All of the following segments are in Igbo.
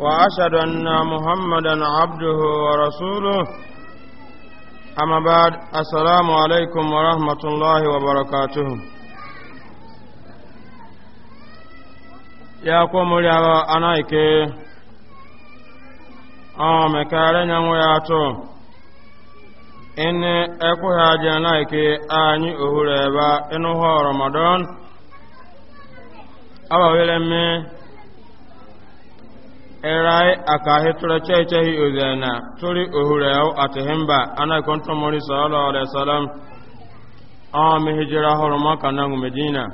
wa muhamad abduresulu amaasalam alekurahmatliwabrkat yakwumri ahụ anaghịke ọmekaria nyanwụ ya tụ iekweghị adị anahike anyị ohuru inu ịnụhọ ramadan ọwawere e erai akahi tura cecehi uzena turi ohureu atihimba ana kontu alaihi wasallam a mi hijira horoma kanan medina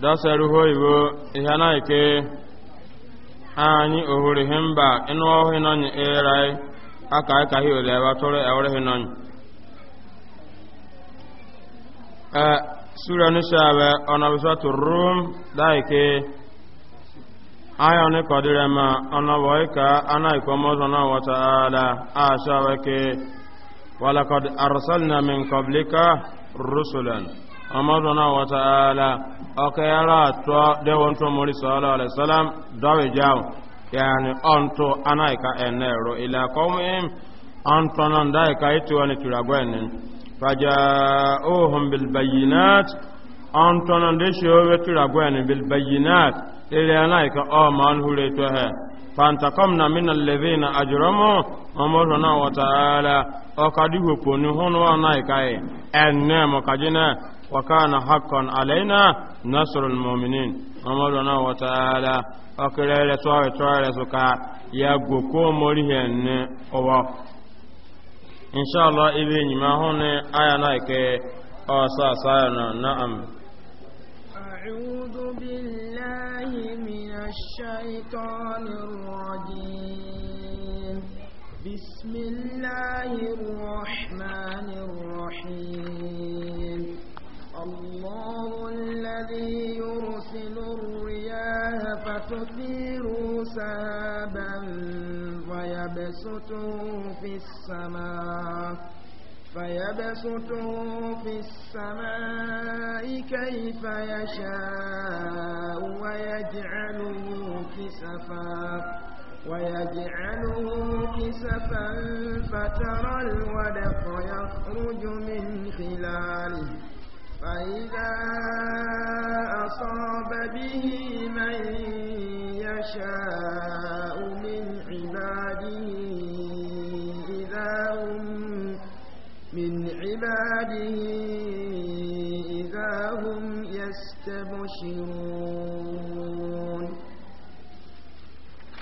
da hoibo ihana ike anyị ohuri himba inu ohi nanyi erai aka ikahi uzewa turi ewurihi nanyi eh, sura nusabe onabisatu rum da aya ne kodire ma ana waika ana ikomozo na wataala asha wake walakad arsalna min qablika rusulan amazo na wataala okayara to de wonto mori sallallahu alaihi wasallam dawe jaw yani onto ana ika enero ila qawmim antonan dai ka itu wani turagwenin faja'uhum bil bayyinat Oturu oh na ndeshi obeturu agwọ ya oh, na mbeji naa ire naa ike ọ ma anwụrụ eto haa. Pantakom na Amina Leveni na-ajụrọ mụ, ọ mụrụ ọ wa taara ọ ka di hwekwọn nwụrụ naa ike haa haa ndịna mụkajị naa wakana hapkọn alaina na-asụrụ mmụọ mịnịn. Ọ mụrụ na ọ wa taara ọ ka irere tụwa itọọrọ ya nsọ ka ya gbuo kwa ọmụrụ ya na-enye ọgwọ. Inchọla ebe inyemaa hụ na a naa ike ọ na na أعوذ بالله من الشيطان الرجيم بسم الله الرحمن الرحيم الله الذي يرسل الرياح فتثير سابا فيبسطه في السماء فيبسطه في السماء كيف يشاء ويجعله كسفا ويجعله كسفا فترى الودق يخرج من خلاله فإذا أصاب به من يشاء عباده إذا هم يستبشرون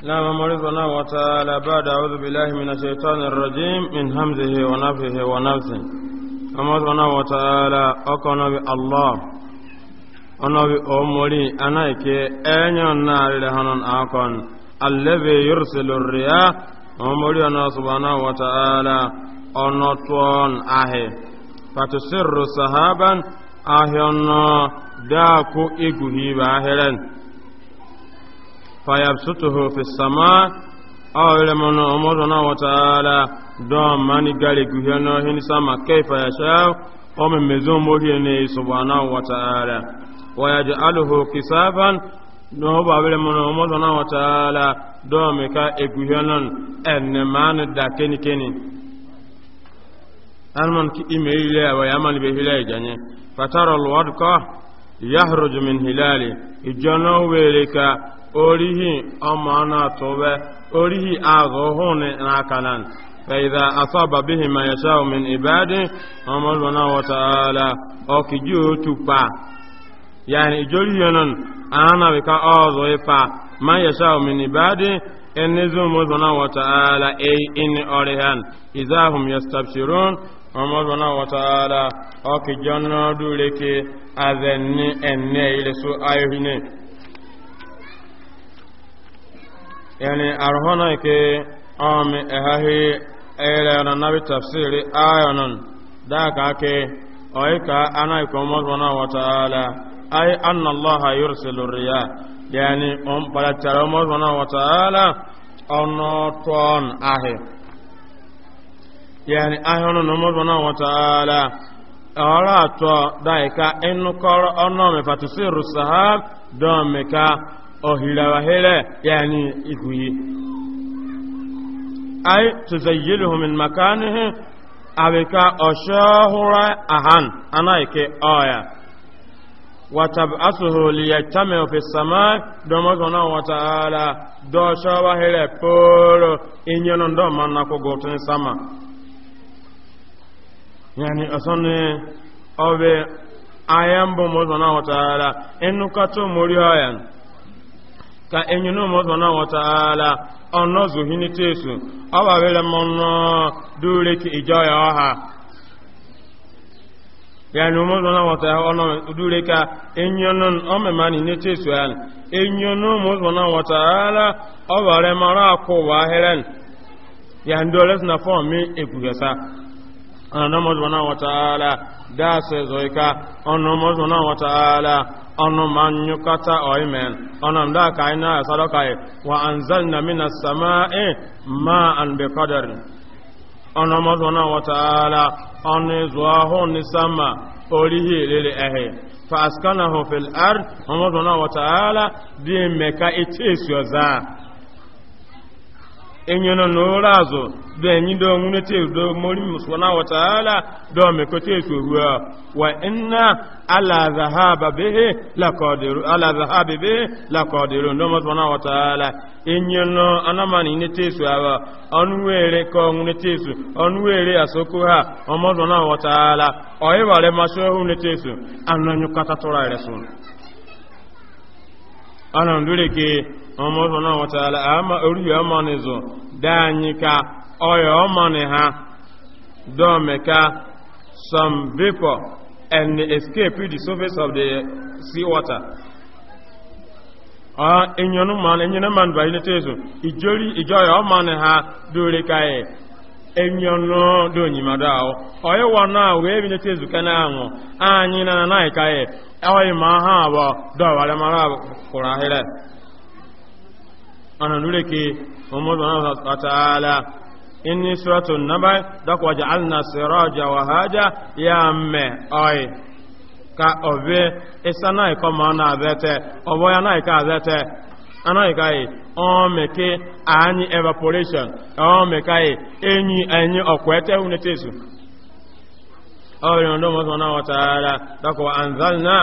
نعم مرضنا وتعالى بعد أعوذ بالله من الشيطان الرجيم من همزه ونفه ونفسه مرضنا نعم، وتعالى أقنا بالله أنبي أموري أنا كي أنيون نار لهنون أكون الذي يرسل الرياح أموري نعم، أنا سبحانه وتعالى أنطوان أهي fatusirru sahaban ahịọnọ daakụ eguhi bụ ahịrịn fayabsutuhu fi samaa awilemono mọnụ ọmọdụ na wọtara dọm mani gari guhi n'ohin sama kaifa ya sha ọmọ mezo mori ne subhanahu wa ta'ala wa yaj'aluhu kisafan no ba bere mo no mo na wa ta'ala do me ka eguhi non en keni keni alman ki ime ile wa yaman be hile janye fatara alwadqa yahruju min hilali ijono weleka orihi amana tobe orihi agohone na kanan فإذا أصاب به ما يشاء من عباده أمر الله وتعالى أكجو تبا يعني جولي ينن أنا بك أوضيفا ما يشاء من عباده إن نزوم الله وتعالى أي إن أرهان إذا هم يستبشرون ọmọdé wọn wọ́ta ara ọkì jọ́nà dúrékè azẹ̀ní ẹ̀nẹ́ ilẹ̀ só ayéhìnẹ́ Ẹni àrùhọ́nà ike ọmọ ẹ̀háhí ẹ̀rẹ̀ ọ̀nà tafsiri ayọ̀nàn dáka ake anáìkọ̀ ọmọdé wọn wọ́ta ara ay yani ahịọnụ na ụmụ na nwataala ọrụ atọ daika ịnụkọrọ ọnụ mefatụsi rusahab dọmika ohirawahere yani ikuyi ai tuzayyiluhu min makanihi abika oshahura ahan anaike oya watab'asuhu liyajtamiu fi samai domo zona wa ta'ala do shawa hele poro inyono ndo manna ko gotin sama yani asane obe ayan bo mo zona wa taala enu ka to mori ayan ka enyu no mo zona wa taala ono zo hini tesu aba bele mo no dure ki ijoya ha yani mo zona wa taala ono dure ka enyu no o me mani ni tesu an enyu no mo zona wa taala aba re mara ko wa heren yani dole na form mi egugesa ọ̀nàmọ́sùmọ́nà wọ̀tàálà dáàsẹ̀ zoika ọ̀nàmọ́sùmọ́nà wọ̀tàálà ọ̀nàmọ́nyukata ọ̀ìmẹ̀n ọ̀nàmdáka iná sádọ́kàí wà na zalna mina sama'i ma an bi kọdari ọ̀nàmọ́sùmọ́nà wọ̀tàálà ọ̀nàmọ́sùmọ́nà ní sama oríhì lè ẹ̀hẹ̀ fàskánà hofil ar ọ̀nàmọ́sùmọ́nà wọ̀tàálà bí mẹ́ka ìtẹ́sù ọ̀záà enyena n'ụlọ azụ denyi do nwunete do mori muswana wataala do mekote esuwa wa inna ala zahaba bihi lakadiru ala zahabi bihi lakadiru ndo muswana wataala enyena anamani nete esuwa onwere ko nwunete esu onwere asoko ha muswana wataala oyibare maso nwunete esu ananyukata tora resun ana ndure ke ọmọ ọ̀nà wọ̀tàlá àmà orí ọmọ ni zọ dáànyíká ọyọ ọmọ ni ha dọ́ọ̀mẹ̀ká some vapor and escape the surface of the sea water ẹ̀yọ́nú mọ́ni mọ́ni bàyí ní tẹ́sù ọmọ ha dórí ọ ọ̀yẹ́wọ̀ náà wẹ́ẹ̀bí ní tẹ́sù kẹ́nà àwọn ààyìn náà náà ìkáyẹ̀ ọ̀yẹ́ máa ana nure ke umaru ta'ala inni suratun naba dako ja'alna siraja wa haja ya me oi ka ove na iko ma na azete obo ya na ika azete ana ika yi o meke anyi evaporation o meka yi enyi enyi okwete unetesu náà dako anzalna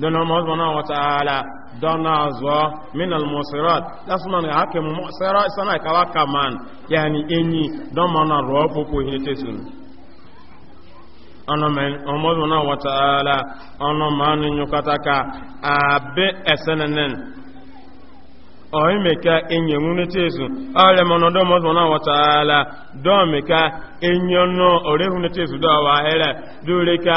dɔnna mɔzɔn wa taala dɔnna zɔ minal mɔsirat lasuman a kɛ mɔsɛra san'a kaba kaman yanni enyi na mana rɔ fo ko hinɛ tɛ sunu. ọnọmọdé ọmọdúnrún wọtaala ọnọmọdé nyukataka abe ẹsẹnẹnẹn ọyìnmẹka enyemúni tẹsù ọlẹmọdún ọmọdúnrún wọtaala dọọmẹka enyọnú ọrẹhùn tẹsù dọwà ẹrẹ dúrẹka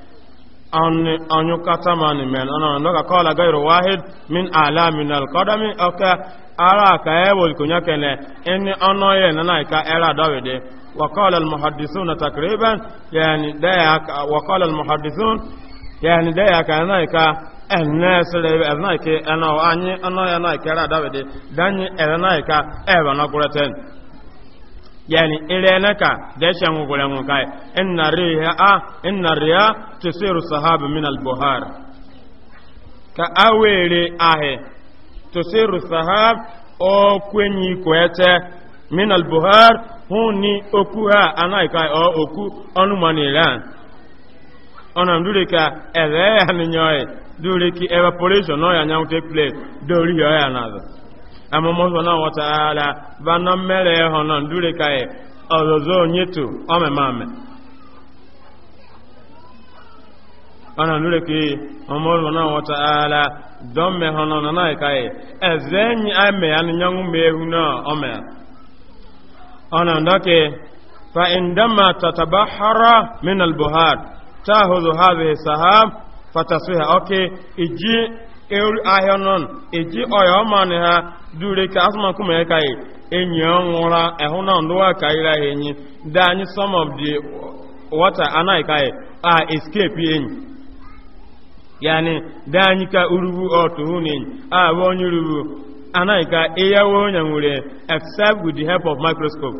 an yi katamani men ana daga kawala gairu wahid min alamin alkadami aka ara ka yawon kunya kene inni ana yi nana ka era dawide وقال المحدثون تقريبا يعني ده وقال المحدثون يعني ده كان الناس اللي انا واني انا انا كرا داوود داني انا كا ايوا نقولتن yani irenaka da shan gulen kai inna a inna riha tusiru sahabu min al buhar ka awere ahe tusiru sahab o kwenyi kwete min al buhar huni oku ha ana kai o oku onumani ran ona ndure ka ebe ya ni nyoy ki evaporation no ya take place dori ya amma mọ́sánà wata ala bá ná mẹ́rẹ̀ ẹ̀họ̀nà dúrẹ̀ káyẹ̀ ọ̀zọ̀zọ̀ onyeto ọmẹ̀mọ̀mẹ̀ ọ̀nà dúrẹ̀ kí mọ́sánà wata ala dọ́n mẹ́họ̀nà nánà káyẹ̀ ẹ̀zẹ́ ẹ̀yìn àmẹ́ àníyànwó mẹ́hu náà ọmẹ́ fa indama min iji eru ahịa nọn eji ọya ọmanị ha dure ka nkume mee ka e, enyi ọnwụra ẹhụ na ndụwa ka ira ha enyi da anyị some of the water anaghị ka e, a escape enyi yani da anyị ka urubu ọtụhụ na enyi a bụ onye urubu anaghị ka ịyawa onye nwere except with the help of microscope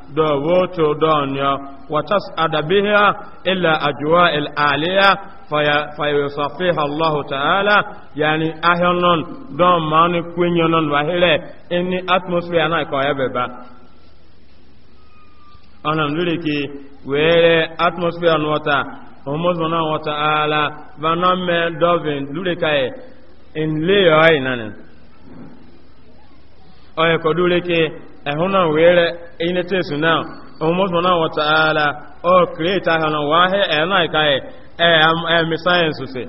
do woto donyo watas adabiha illa ajwa al aliya fayasafiha allah ta'ala yani ahyonon don mani kwinyonon wahile ini atmosphere na ko yabeba anan lure ke were atmosphere no wata omo zona wata ala baname dovin lure kai in layer ay nanen oye ko lure ke ehuna were inete suna omo sona wa taala o creator hana wahe ena kai e am e, science se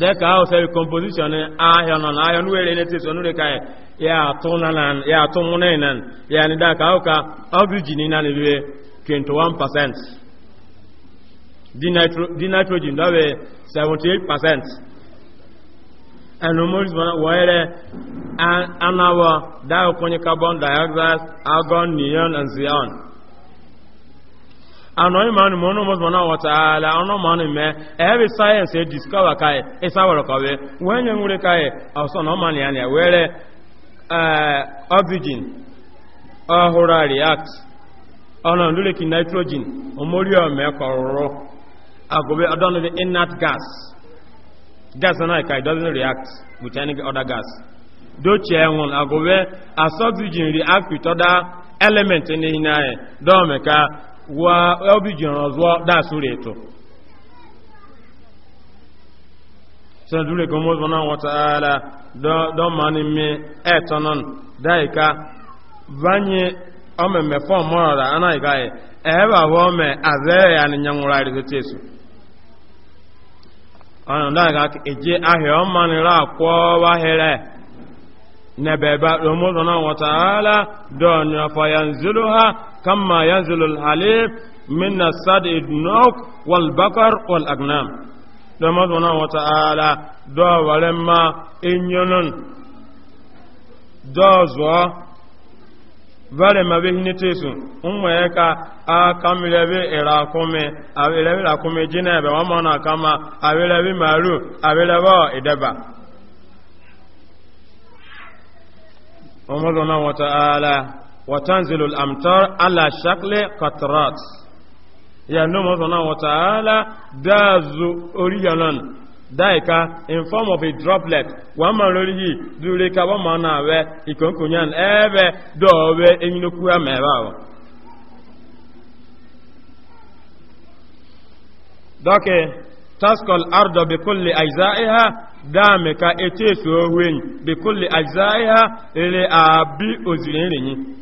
de ka o se composition a hana na hana were inete sona re kaye ya tona nan ya tumuna nan ya ni da ka o ka oxygen nan re 21% di nitrogen da we 78% enomorisiwana wayere anawa diokonye carbon dioxide argon neon and zion. anọghị mmanụ ma ọnụ mọzụmọ na-awọtaala ọnụ mmanụ mee ebe sayensị ediskọva kaị ịsawara kọwe wee nye nwere kaị ọsọ na ọmanụ ya na were ọbijin ọhụrụ react ọnụ ndụleki nitrogen omoriọmekọrụrụ agụbe inert gas gas na ka it doesn't react with any other gas dochie enwun agowe as oxygen react with other element in ihe na ya dome ka wa oxygen ọzọ das ure eto sọ dure ko mo bona wa taala do do mani mi daika vanye form e e ba wo me azere ya ni nyamura ri tesu ọnụndaga eje ahịa ọmanịra akwọwa here nebeba romozona wataala don fayanzilu ha kama yanzilu halif min nasad idnok wal bakar wal agnam romozona wataala dọwara mma inyonon dọzụọ vare ma be hini tesu umma ya ka a kamilebe irakume kome irakume jinebe wa mana kama abilebe maru abilebe ideba umarna na ta'ala wa tanzilu al-amtar ala shakle qatrat ya no umarna wa ta'ala dazu oriyanan daika in form of a droplet wọn ma lórí yìí dúró ká wọn ma náà wẹ ìkọ̀ǹkọ̀nyàn ẹ̀ẹ́bẹ̀ dọ̀ọ̀wẹ́ enyinokú ẹ̀mẹ̀rẹ̀ àwọn. dọ́kì taskol ardo bikulli ajza'iha dáàmì ka etí èso owó ẹ̀yìn bikulli ajza'iha èrè àbí òzìrìnrìn yìí.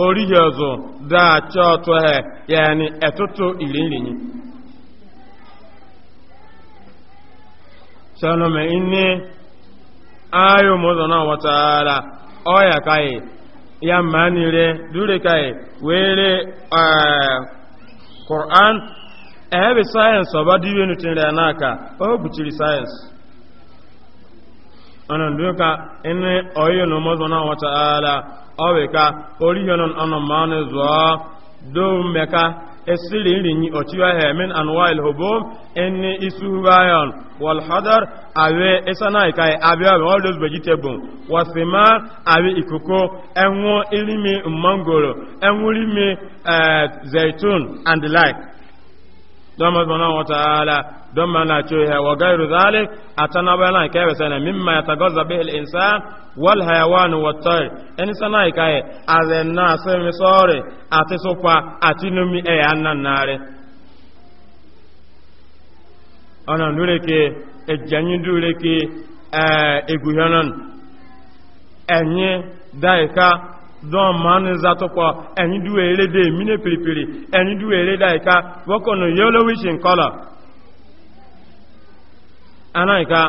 orighi ọzọ daachị ọtụ ha ya ni ẹtụtụ irinrinyi sanome inni ayo mọzọ náà wọtaala ọya kaị ya mmaa nire dure kaị were eh, Quran ebe sayensị ọba dibe nutinre n'aka o sayensị ka ọ ọweka orihionon anọmanụ zụọ domeka esiri nrinyi ochiwa hemin anwail hobom eni isuhubayon walhadar awe isanaikai abiabe all those vegetable wasima awe ikuku enwu ilimi mangoro enwu ilimi eh, zaitun and the like dɔma subhanahu wa ta'ala dɔma na na wa na zalik atana bana kebe sana mimma yatagazza bihi al-insan wal hayawan wa tayr en sana ikaye azenna semi sore ati sopa ati numi e annan nare ana nure ke ejanyi dure ke eguhanan enye daika don manu zato kwa enyi duwe ere de mine piripiri enyi duwe ere da ika woko no yellowish in color anaika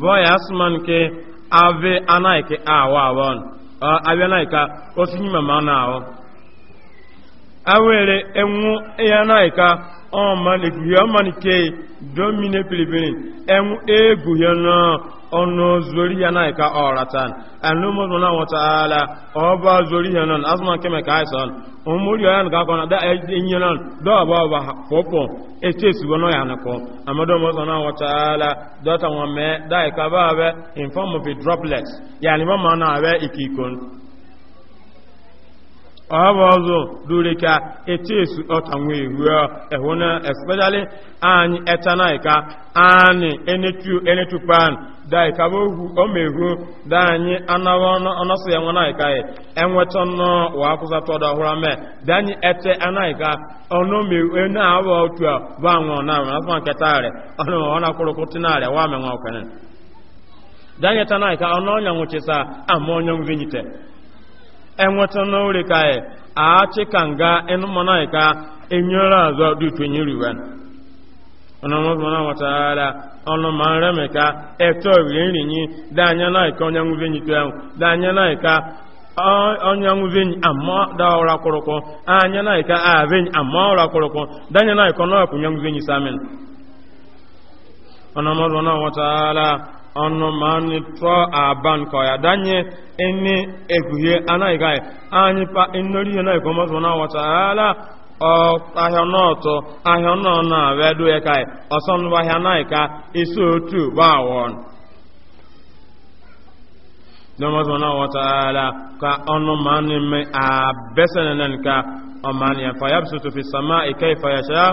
boy asman ke ave anaike awa awon ave anaika osinyi mama na awo awere enwu anaika ọman eguhie ọman ke don mine piripiri enwu ya naa ono zuriya na ka oratan anu mo na wa taala oba zuriya non azma keme ka ison umuri yan ga kona da enye non do ba ba popo etesu bono ya nako amado mo na wa taala do ta wa me da ka abe abe in form of droplets yani ma na abe ikikon ọba ọzọ lórí ka etí èsù ọ̀tàwọn ìwú ẹ̀hún náà especially anyị ẹ̀tànà ìka anyị enetu enetu pan da ìka bó hu ọmọ ìhú da anyị anáwọ ọnọsọ ya nwana yi enweta ẹnwẹtọ nọ wà ákụsa tọdọ ọhụrụ mẹ da anyị ẹtẹ aná ìka ọnụ mẹwu ẹnà e àwọ otu a bá àwọn ọ̀nà àwọn na nkẹta rẹ ọnụ ọ̀nà kúrúkú tínà rẹ wà mẹwọn ọkẹni da anyị ẹtànà ìka ọnụ ọnyà nwụchisa ama ọnyà nwụchisa enweta n'ori ka ị achị ka nga ịnụmọna enyere azọ dịtụ enyere iwe ọnụmọsọmọna nwetara ọnụ ma nre mịka eto rie nri nyi danye na ịka onye nwụzi enyi tụọ danye na onye ama da ọra kwụrụkwụ anya na ịka ahụ enyi ama ọra kwụrụkwụ danye ọnụ ọkụ ọnụ ma ni tọ aban ka ya danye ene ekwuhie anaghị gaghị anyị pa nnori ihe na-ekwu mmasị na wata ala ahịa n'ọtọ ahịa nọ na wedo ya ka ọsọ nnukwu ahịa anaghị ka isi otu gbaawọ dọmọsọ na wata ala ka ọnụ ma ni mme abesa na ka ọmaniya fa ya bisotu fi sama ike ifa ya shaa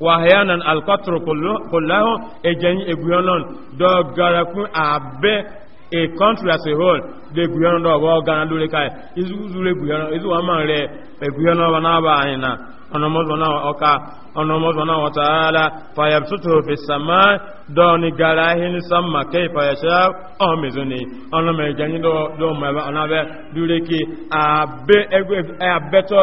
wahayanan alkotoro kullahu ejenyi eguyonon do garakun abe a country as a whole de eguyonon do wo gana lure kai izu zure eguyonon izu wa man re eguyonon wa na ba ayin na ọ̀nàmọ́sọ̀ náà ọka ọ̀nàmọ́sọ̀ náà wọ̀tàálá fàyàbsútò fi sàmá dọ́ọ̀ni gara ahìn sàmà kẹ́ ìfàyàṣẹ́ ọmọ̀mẹ́sọ̀ ni ọ̀nàmọ̀ ìjẹni dọ́ọ̀mọ̀ ẹ̀bá ọ̀nàbẹ́ dúrékì àbẹ́tọ́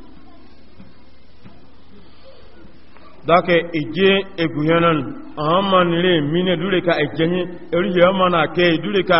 dake ije eguhenan amma nire mine dure ka ejenye eriye amma na ke dure ka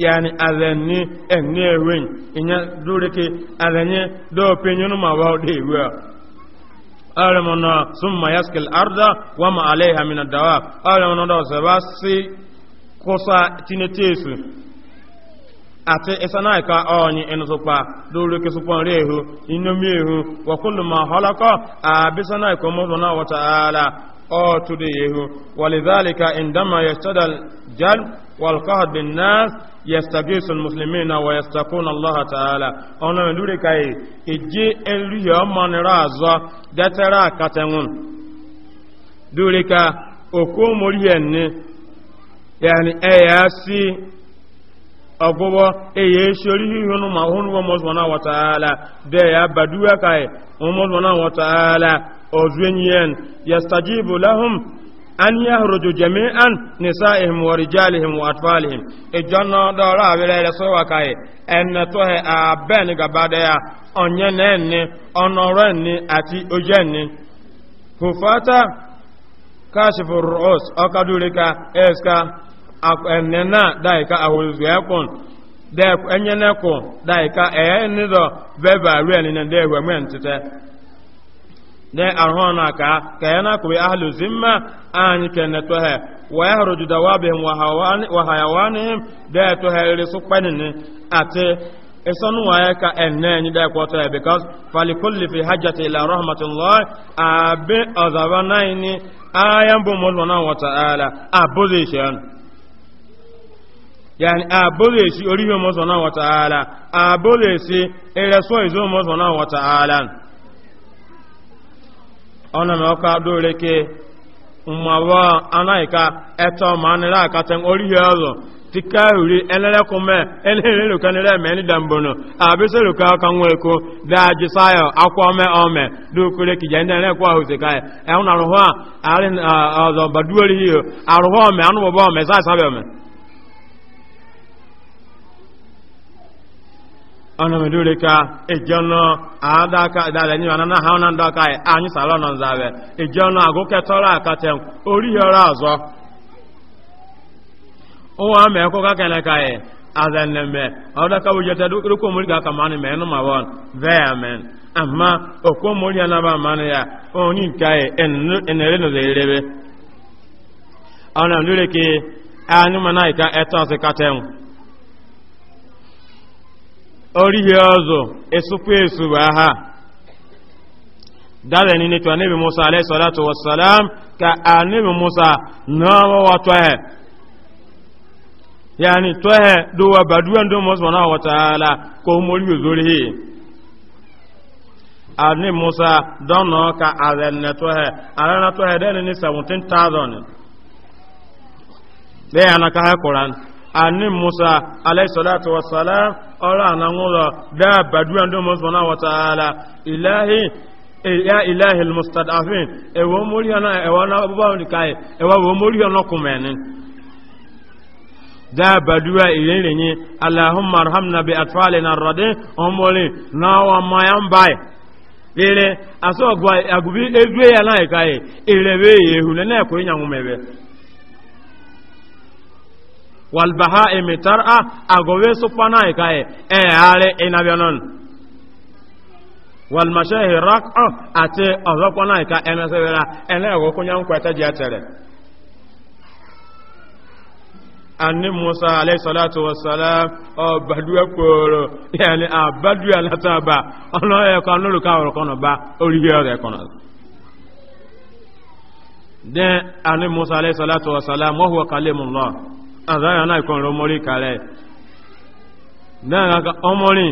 yani azanni enne wen inya dureke azanye do penyunu ma wa de wa summa yaskil arda wa ma alaiha min ad-dawa alamana do sabasi kosa tinetesu ati isanaika onyi inusupa dureke supon rehu inomi ehu wa kullu ma halaka abisanaika wa ta'ala ولذلك عندما يشتد الجلب بالناس yastagisu almuslimina wa yastakuna allah ta'ala ona ndure kai eje elu ya manira azo datara katengun dure ka oko moriyanne yani ayasi agobo eye shori hunu ma hunu wa mosbana wa ta'ala de ya baduwa kai mosbana wa ta'ala ozwenyen yastajibu lahum an yahruju jami'an nisa'ihim wa rijalihim wa atfalihim ijanna dara abele le so wa kai en to he aben gabada ya onye nenne onore ni ati oje ni hufata kashifu ru'us akadurika eska enena daika ahulzu yakun de enyeneko daika enido beba ruelinen de hwemen tete de ahụ na aka ka ya na akụwe ahlu zimma anyị kene tohe wa ya hụrụ juda wa bihim wa hayawanihim de toheriri su kpenini ati isonu wa ya ka enne da de kwọta ya because falikulli fi hajjati ila rahmatullah abi ọzaba naini ayan bu mulmuna wa ta'ala abuzishan yani abuzisi orihio mulmuna wa ta'ala abuzisi iresuwa izo mulmuna wa ta'ala ọ̀nà na ọka dóore ke mmawa anaghịka ẹtọ ma anịrị akata orihi ọzọ tika uri enere kume enere lukanire me ni dambono abise luka ka nweko da jisayo akwome ome du kure ki jende ne kwa huse kai e una roho a arin ozo baduori hiyo aroho me anu bobo ome sa sabe ome. ọnụ medụlị ka ejọnọ adaka dala nyi mana ha na ndọka anyị sala nọ nzabe ejọnọ agụketọrọ akatem oriyọrọ azọ ụwa mekụ ka kene ka ye azanneme ọdaka wujata dukkan mulka kamani menu mawon veya men amma okwo mulya na ba mani ya oni nke ye enere no zerebe ọnụ medụlị ka anyị mana ka etọ sị katem orihie ọzọ esukwu esu bụ aha dada ni netu anabi musa alayhi salatu wassalam ka anabi musa nawa wa Ya yani twahe duwa baduwa ndị musa wana wa taala ko mori yuzuri hi anabi musa dono ka azenne twahe arana twahe dene ni 17000 le anaka ha quran anabi musa alayhi salatu wassalam ọrọ ananwụlọ daa baduwa ndị mọsọ na wataala ilahi ya ilahi mustadafin ewo mori na ewo na baba ni kai ewo wo mori ona kumeni da baduwa irenrenye allahumma arhamna bi na rade omori na wa mba ire aso agwa agubi ezue ya na kai ire we yehu na na ko nyanwu mebe walbaha emitar e, a agowe supana ikaye e are inabionon walmashahi rak'a ati ọzọkwana ika emesewera ẹlẹ́gọ́ kúnyà ń kwẹta jẹ́ tẹ̀rẹ̀ anni musa alaihissalatu wassalam ọbàdúwẹ́ kòòrò ba àbádúwẹ́ látàbà ọ̀nà ẹ̀kọ́ lórúkà ọ̀rọ̀kọ́nà bá orílẹ̀ ọ̀rẹ́kọ́nà then anni musa alaihissalatu wassalam wọ́n huwa kalimullah azara na ikon romori kare dan aka omori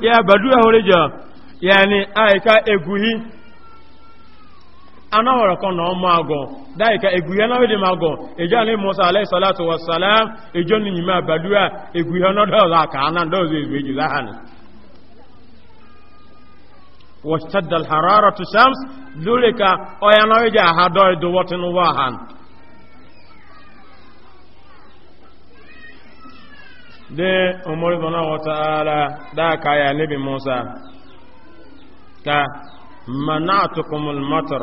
ya jọ ya ni yani aika e eguhi anáwọ̀rọ̀ kan náà mọ́ agọ̀ dáìka ègùyẹ́ náà wéde máa gọ̀ ìjọ́ ní musa aláìsọ́látò harara to shams lórí ka ọya náà àhádọ́ ìdówọ́tinúwọ́ e àhánì Dị ụmụ wata ala ọgwọ ta ara daga ya n'ebe Mosa ta Manatokulmatar,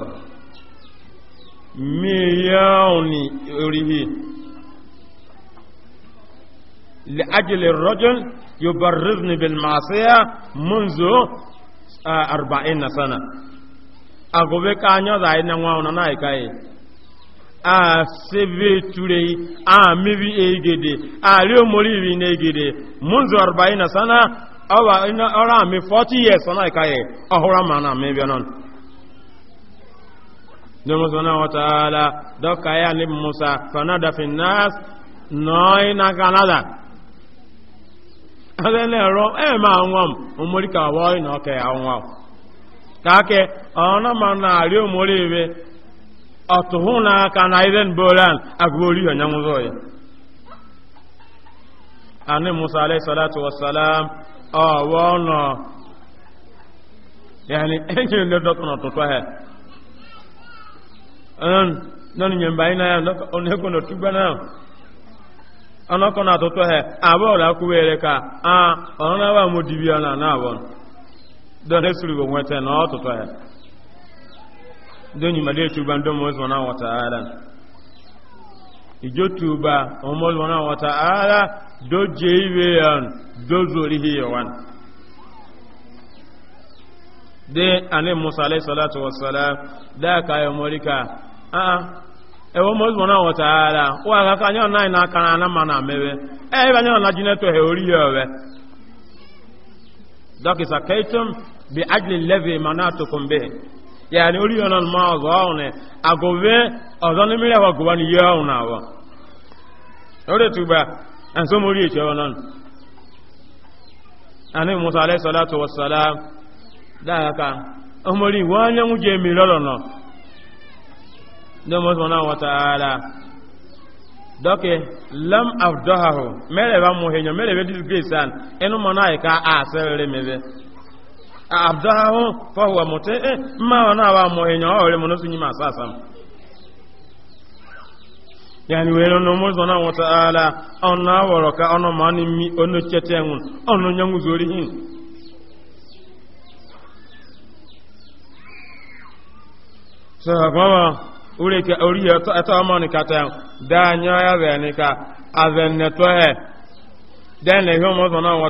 milioni irighiri, li aji li rojin yobar ribe masu ya munzo a arba'in na sana, agobe ka anyọ za a na nwau na nahi kai. a sebe turei a egede a rio na egede munzu na sana awa ina ara mi 40 years sana na ahura mana mebi anan Musa na Canada. Adẹ́lẹ̀ ẹ̀rọ ẹ̀ máa ń wọ́n omorika wọ́ọ̀í na ọkẹ̀ àwọn wọ́n. Kàákẹ́ ọ̀nà máa ọtụhụ n'aka na iren boran agụori onyanwụ zọ ya ani musa alayhi salatu wassalam ọwọ nọ yani enyi ne dọtọ n'ọtụtụ ahịa ọnụ nọnụ nye mba na ya onekọ na otu gbana ọnọkọ na ọtụtụ ahịa abụọ na akwụwere ka a ọnụ na agba mụ dibi ya na anọ abụọ dọrọ esuru bụ nweta na ọtụtụ ahịa doni made tuba ndo mo zona wa taala ijo tuba o mo zona wa taala do jeiwe yan do zori hi yawan de ane musa alayhi salatu wassalam da ka ya morika a ah, a ah, e wo mo zona wa taala wa ka ka nyon nai na kana na mana mewe e ba e nyon na jineto he ori yawe dokisa kaitum bi ajli levi manatukum bihi yani ori yana ma ogo awne na wa ore tuba an so ani musa alayhi salatu wassalam da ka omori wanya muje mi lolo no sona wa taala doke lam afdahu mere ba abdahụ fọwa mụta e mma ọ na-awa mụ ịnya ọhụrụ mụ n'otu nyima asa asa yani wele no mo zona wa taala ona woro ka ono mani mi ono chetengun ono nyangu zori hin baba ure ya ya ni ka azen ne to den le mo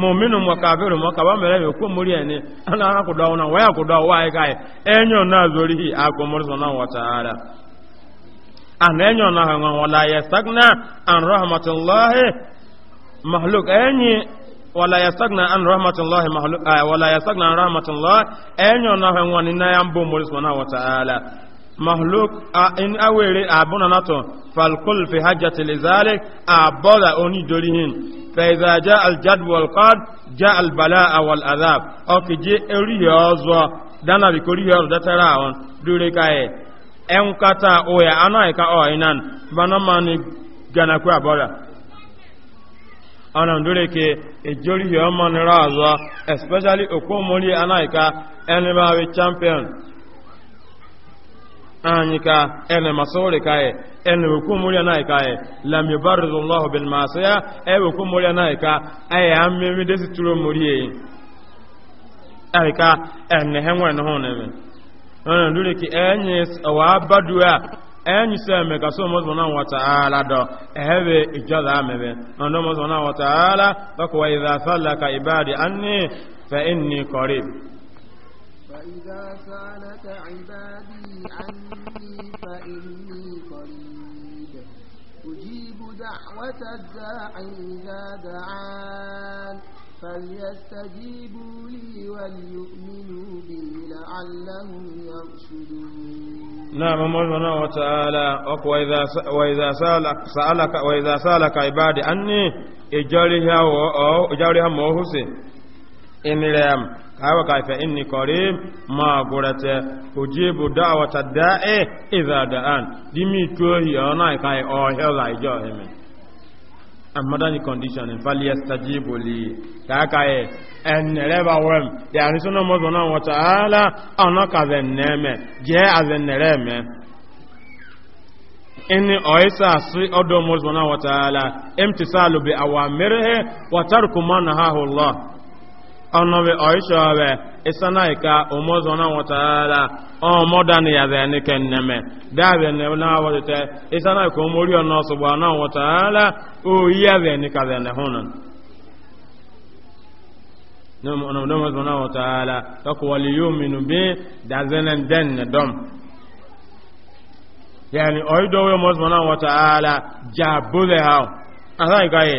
mọ̀mínú mọ̀kàbírù ka yóò kó mórí ẹni alárakùdọ̀ ọ̀nà wáyàkùdọ̀ wáyíká ẹ̀yọ̀ náà zorí àkọmọ́rìsọ̀nà wọ̀tàára àmì ẹ̀yọ̀ náà hàn wọ̀láyẹ̀ stagna and rahmatullahi mahluk ẹ̀yìn wọ̀láyẹ̀ stagna and rahmatullahi mahluk eh, rahmatullahi mahluk in awere abuna nato falkul fi hajjati lizalik abola oni dorihin faiza ja aljad wal qad ja al balaa wal azab o ki je ori ozo dana bi kori ozo datara on dure kai e, en kata oya e, ana e ka o inan bana mani gana ku abola ana dure ke ejori yo man razo especially okomori ana ka enema champion anyị ka ene masori ka ye ene wekwu mmiri anaghị ka ye lam yubarrizu allahu bil masiya e wekwu mmiri anaghị ka ayi e ya mmiri desi turu mmiri eyi ayi e ka ene he nwe nuhu neme nana nduri ki enyi wa badua enyi se me ka so mo na wa ta'ala do ehebe ijaza amebe ndo mo zona wa ta'ala bako wa idha sallaka ibadi anni fa inni qarib وإذا سألك عبادي عني فإني قريب أجيب دعوة الداع إذا دعان فليستجيبوا لي وليؤمنوا بي لعلهم يرشدون نعم مولانا وتعالى وإذا وإذا سألك سألك وإذا سألك عبادي عني إجاريها أو إجاريها موهوسي إن لم kawo ka ife inni kori ma gurata ujibu da'wata da'i idha da'an dimi tohi ona kai o oh, hela ijo heme amada ni condition in fali yastajibu li ta kai en reba wem ya ni suno mo zona wa ta'ala ona ka zeneme je azenereme inni oyisa si odo mo zona wa ta'ala imtisalu bi awamirihi wa tarku na nahahu Allah ọnọbe ọịsọọbẹ ịsanaika ụmụzọna nwụtara ọmọdani enike nneme dabe na awọdite ịsanaika ụmụri ọnọsụgba na nwụtara oyi yazenika zene hunan na nwụtara tọkwọli yominu bi dazenen denne dọm yani ọyịdọwe ọmọzọna nwụtara jabuze ha asaika yi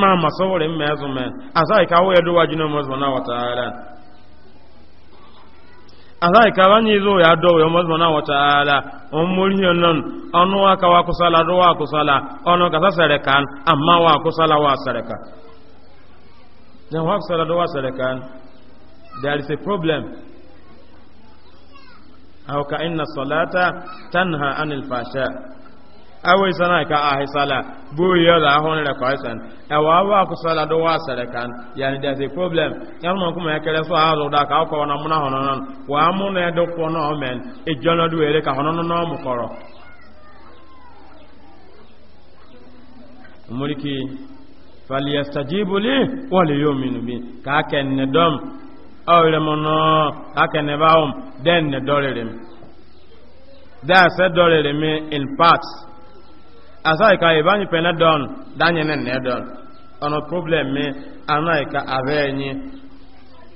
ma masawurin mai azumin a za a kawo yadda wajen yamma zubana wata ala a za a kawo ne zo ya dawo yamma zubana wata ala on murhiyar nan ọnụ aka wa kusala ruwa kusala ọnụ kasa sarika amma wa kusala wa sarika dan wa kusala ruwa sarika there is a problem aw ka inna salata tanha anil fasha awe sana ka ahi sala bu yo da hon re ko san e wa wa ku sala do wa sare kan yani there's a problem yan mo kuma ya kere so a ro da ka ko na muna hono non wa mu na do ko no men e jono do ere ka hono no mo koro muliki falyastajibu li wal yu'minu bi ka ken ne dom awre mo no ka ken ne baum den ne dorere mi da se dorere mi in parts asaika ibani pene don danye ne ne don ono problem mi e, anaika avenyi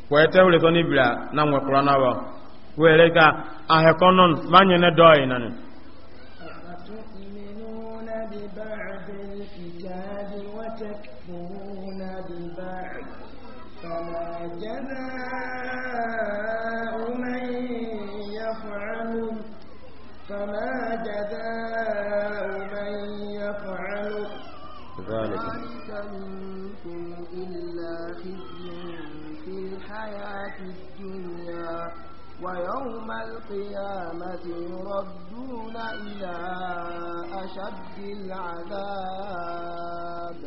kwete ule toni bila na mwe kurana wa wele ka ahekonon manye ne doi nani القيامة يردون إلى أشد العذاب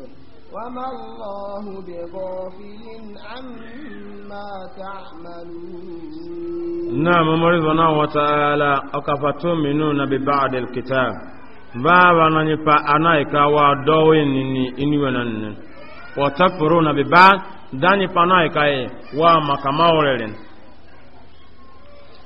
وما الله بغافل عما تعملون نعم مرضنا وتعالى منون ببعض الكتاب بابا نيبا أنايكا ودويني إنيونن وتكفرون ببعض داني بانايكا ومكاماورين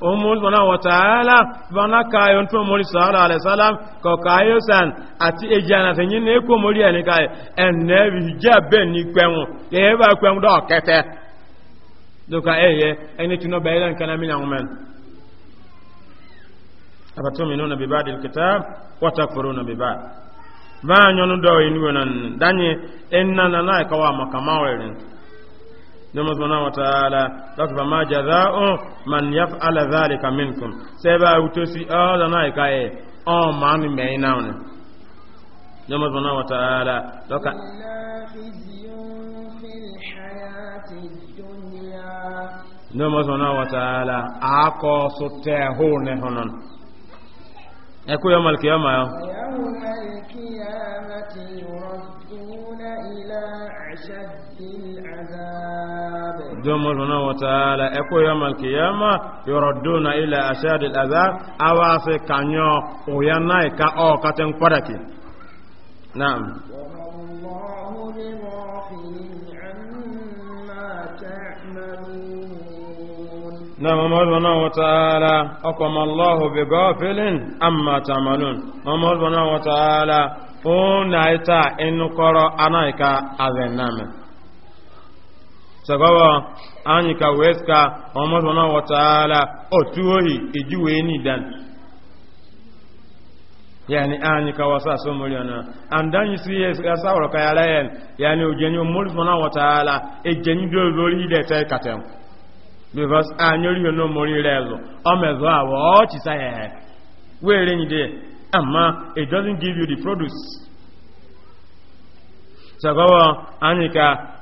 umu subhanahu wa ta'ala bana kayo ntu muri Sala alaihi salam ko kayo san ati ejana se nyin ne ko muri ani kayo en ne bi jabe ni kwenwu ye ba kwenwu do kete do ka eye eni tuno bayran kana mina ngumen abatuminuna bi ba'dil kitab wa takfuruna bi ba'd ba nyonu do yinu nan danye enna na na ka wa makamawerin nyɔmɔ sɔnna wa taala dɔkita fama jaza ɔn man yaf ala zaali ka min kun sɛbɛ wuto si ɔɔla oh, oh, n'a ye k'a ye ɔn maa min bɛ yen n'anw ne nyɔmɔ sɔnna wa taala dɔka. nyɔmɔ sɔnna wa taala a kɔ so tɛ hoo ne hɔnɔn ɛ ti yɔrɔ duna ila a ṣe bin azaa. جمع سبحانه وتعالى اكو يوم القيامة يردون الى اشهد الاذان اواسي كانيو ويناي كا او كاتن فاركي نعم نعم ما سبحانه وتعالى أقم الله بغافل أما تعملون نعم سبحانه وتعالى فون نايتا إن قرأ أنايكا أذنامه sagawa anyị ka wee ka ọmọsọna wọtaala otu ohi eji wee dan. yani anyị ka wasa so mori ona and si yes ka sawro ka yala yen yani ujeni umul sona wataala ejeni do lori de tai katem because anyị na no mori rezo ọ mezo awo o ti sa ya were ni de ama it doesn't give you the produce sagawa anyị ka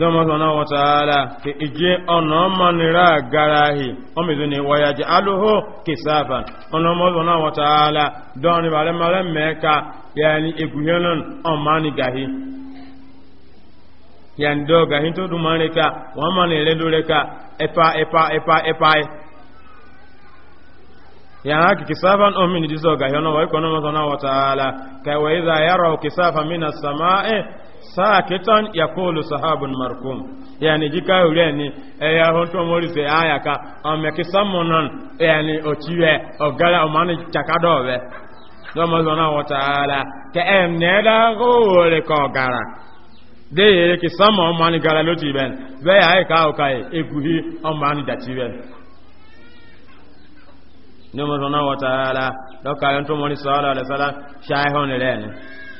dọ́mọ́sọ̀nà wọ̀tàálà kì ìjẹ́ ọ̀nà ọmọnira garaahì ọmọdé ni wọ̀yàjẹ́ alóhó kìsáàfà ọ̀nàmọ́sọ̀nà wọ̀tàálà dọ́rin balẹ̀mọ́lẹ̀ mẹ́ka yàní egwuhẹ́nàn ọmọnigahì yàní ka wa sakitan yakulu sahabun markum yani jika ureni e eh, ya honto mori se aya ka ameki samonon yani ochiwe ogara omani chakadowe domo zona wa taala ke em ne da gore ko gara de yere ki samo omani gara lo ti ben be ya ka o kai eguhi omani da ti ben domo zona wa taala doka yonto mori sala ala sala shaihon lene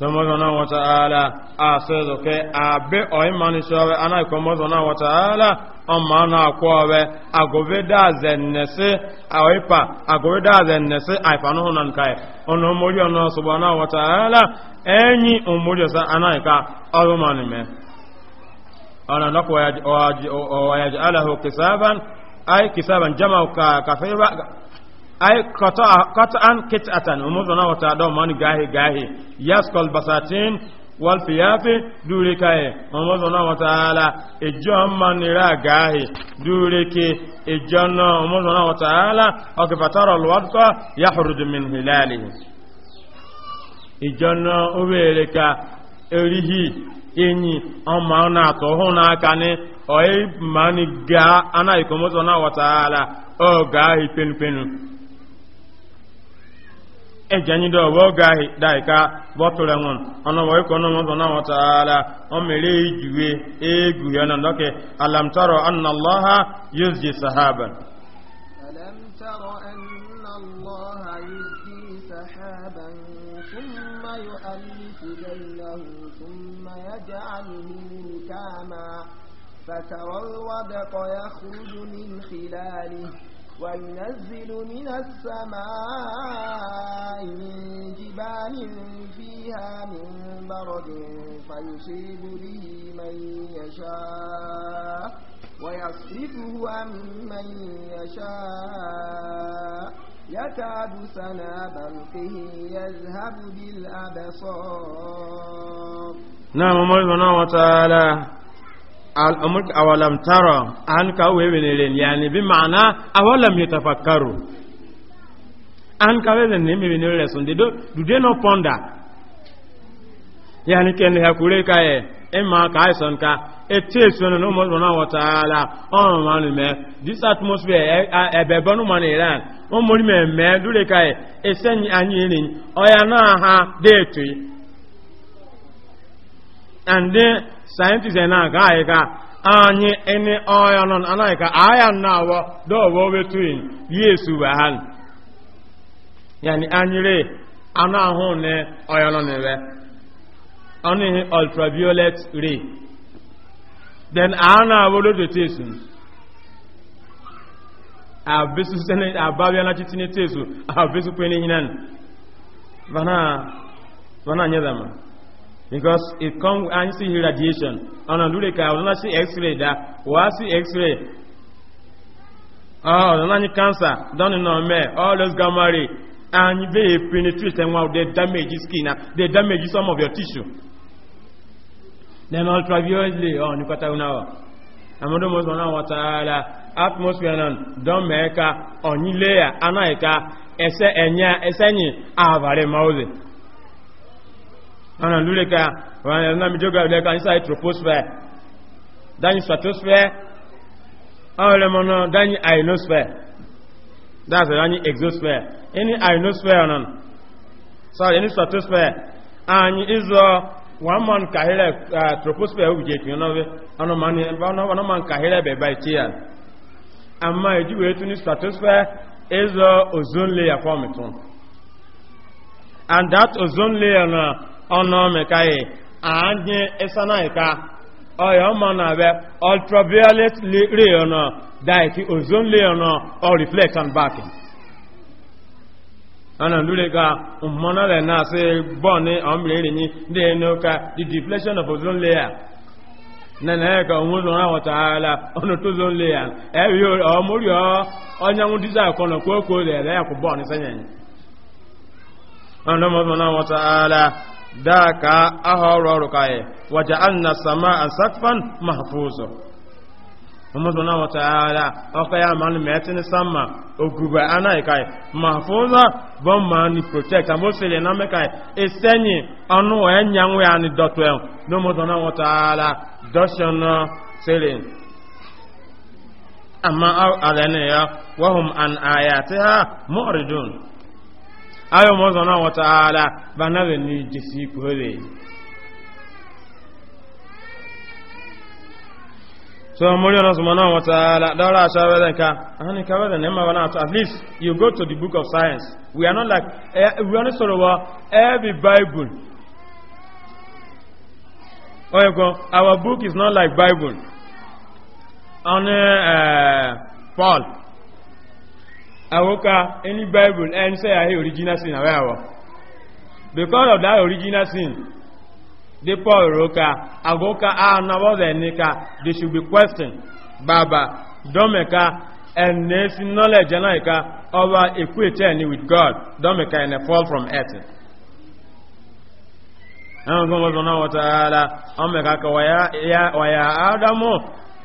sọmọdọ̀nà wọ̀tàálà àṣẹ́zọ̀kẹ́ àbẹ́ ọ̀ìmánisọ́rẹ́ anáìkọmọdọ̀nà wọ̀tàálà ọmọ anáàkọ́ ọ̀rẹ́ agobedáàzẹ̀nẹ̀sí àwẹ́pà agobedáàzẹ̀nẹ̀sí àìfànúhùnankáẹ̀ ọ̀nà omori ọ̀nà ọ̀sọ̀bọ̀nà wọ̀tàálà ẹ̀yìn omori ọ̀sá anáìká ọrùmọ̀nìmẹ́ ọ̀nà lọ́kọ̀ ọ̀yàjẹ́ ay qat'an qit'atan umuzuna wa ta'ala man gahi gahi yaskal basatin wal fiyafi dure kai umuzuna wa ta'ala ejo man ra gahi dure ke ejo no umuzuna wa ta'ala akfatara al wadqa yahruj min hilalihi ejo obereka erihi enyi ọma na atọ hụ n'aka ni ọyị mani gaa ana komozọ na wataala ọ gaa hipenu penu ẹjẹni dọ̀ wọ́ gáhì dáìka bọ́tọ̀rẹ̀ wọn ọ̀nàwọ̀ ikọ̀ náà wọ́n náà wọ́ta ààlà ọmọlẹ́ ìjúwé éégù yọ́nà lọ́kẹ̀ alamtaro annalọ́ha yóò jẹ sahaba alamtaro annalọ́ha yóò jẹ sahaba ثم يؤلف بينه ثم يجعله ركاما فترى الودق يخرج من خلاله وينزل من السماء من جبال فيها من برد فيصيب به من يشاء ويصرفه عن من يشاء يكاد سنا بلقه يذهب بالأبصار نعم الله تعالى وتعالى awalam tara an ka wewe nelen yani bi maana awalam yatafakkaru an ka wewe ne me ne le sonde do du de no ponda yani ken ha kure ka e e ma ka son ka e te so no mo na wa taala on ma ni me this atmosphere e be bonu ma ni ran o mo ni me me du le ka e e sen anyi ni o ya na ha de tu and then scientists na aga anyị ka anyị ịnị ọya nọ anaghị ka na awọ dọwọ wetuin yesu bahan yani anyịre anụ ahụ na ọya nọ n'ebe ọnụ ultraviolet ray then a na awọ lodo tesun abesu sene ababia na chitine tesu abesu pene bana bana nyezama because it come and see radiation ọ̀nà lórí ka ọ̀nà sí x-ray da wàá sí x-ray ọ̀nà oh, ní cancer dánù náà mẹ́ all those gamma ray and they penetrate and wow they damage skin they damage some of your tissue then ultraviolet ọ̀ ní pátá ọ̀nà ọ̀ àmọ́dọ́ mọ́ sọ́nà wọ́n tààlà atmosphere náà dán mẹ́ẹ̀ka ọ̀nyí léyà anáyẹ̀ka ẹsẹ̀ ẹ̀yìn àbàrẹ̀ máa ana lule ka wana na mijoga ile ka inside troposphere dani stratosphere awle mono dani ionosphere anyị the dani exosphere any ionosphere non so any stratosphere and izo one man kahire troposphere uje ti no be ono man ono ono by tian amma eju we ozone layer form ton and that ozone layer na ọnụọmịkaghị anyị ịsanaika ọya ọma na abẹ ultraviolet ray ọ̀nà daiki ozone ray ọ̀nà ọ reflect and back ana ka mmọna rẹ na se ní ọmọbìnrin rẹ̀ yìí ní ẹnu ka the deflection of ozone layer nana ẹ ka òun lọ́nà ọ̀nà tó zone layer ẹ rí ọmọ rí ọ ọnyàwó dísà kókó ní sẹ́yìn ọ̀nà daka ahọrọ ọrụ ka yi waje an sama a sakfan mahfuzo muhammadu na wata ala ọka ya ma nime etin sama oguba ana ikai mahfuzo bon ma ni protect amo sele na mekai esenyi ọnụ enyanwe ani dọtwe no muhammadu na wata ala dọshọn sele amma alani ya wahum an ayatiha mu'ridun ayo mozana wa ta'ala banabe ni jisi kore so mori ona subhanahu wa ta'ala dara ashawada ka ani kawada nema wana at least you go to the book of science we are not like eh, we are not sort of every bible oyo go our book is not like bible on uh, eh, paul awoka any bible and say ahe original sin awe awo because of that original sin the paul roka agoka anawo zenika they should be questioned baba domeka and this knowledge anaika ah, over equating with god domeka and a fall from earth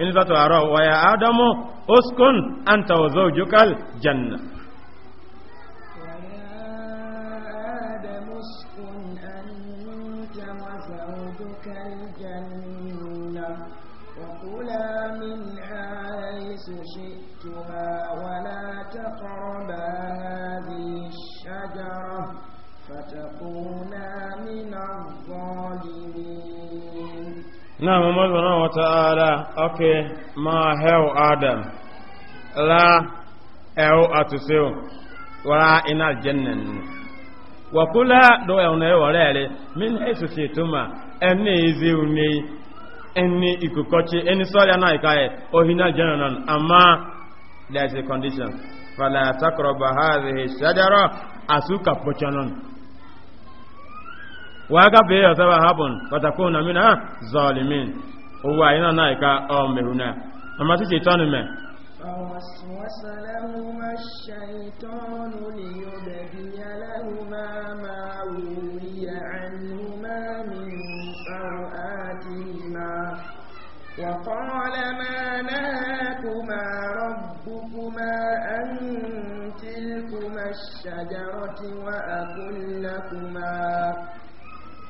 إن بطل أرو ويا آدم أسكن أنت وزوجك الجنة na muhammadu wa ta'ala oke ma hel adam la el atusil wala ina aljannan wakula kula do el na warere min hesu tuma ene izi une ene ikukochi ene sori na ikaye ohina jannan amma there is a condition fala takroba hadhihi shajara asuka pochanon waka be ya saba habon fatakuna mina zalimin uwa ina na ika o meruna amma tije tonu me فوسوس لهما الشيطان ليبدي لهما ما ولي عنهما من سوآتهما وقال ما نهاكما ربكما أن تلكما الشجرة وأكل لكما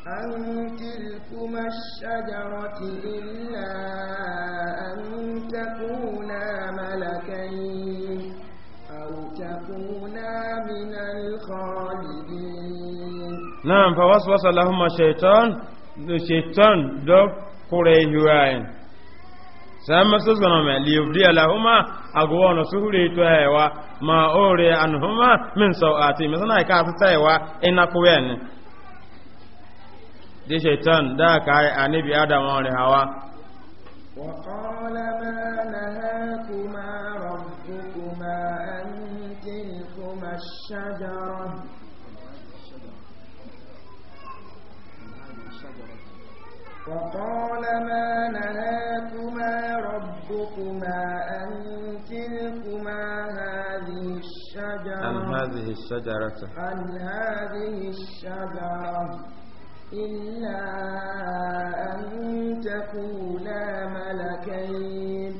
عن تلكما الشجرة إلا أن تكونا ملكين أو تكونا من الخالدين نعم فوسوس لهم الشيطان الشيطان دوب كوريهوين sama sosgana me liyubdiya lahuma agwono suhure to hewa ma ore anhuma min sawati mesana ka ta hewa ina kuwen دي شيطان دا كاي انبي ادم وحواء وقال ما نهاكما ربكما أن تلكما الشجرة وقال ما نهاكما ربكما أن تلكما هذه الشجرة عن هذه الشجرة عن هذه الشجرة إلا أن تكونا ملكين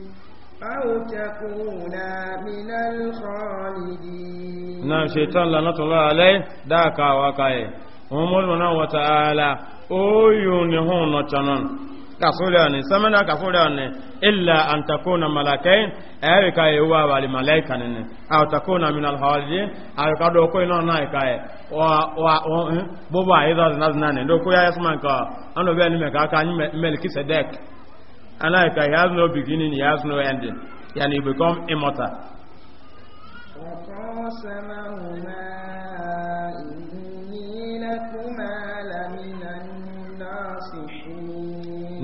أو تكونا من الخالدين نعم شيطان لا الله عليه داكا وكاي ومولنا وتعالى أو يونهون نتنون kasolani samana kasolani illa an takuna malakain ayi ka ye wa wali malaika ne aw takuna min al hawalin aw ka do ko ina na ka ye wa wa bo ba ida na na ne do ko ya yasman ka an do be ni me ka ka ni melki sedek ana ka has no beginning he has no ending yani you become immortal وقاسمهما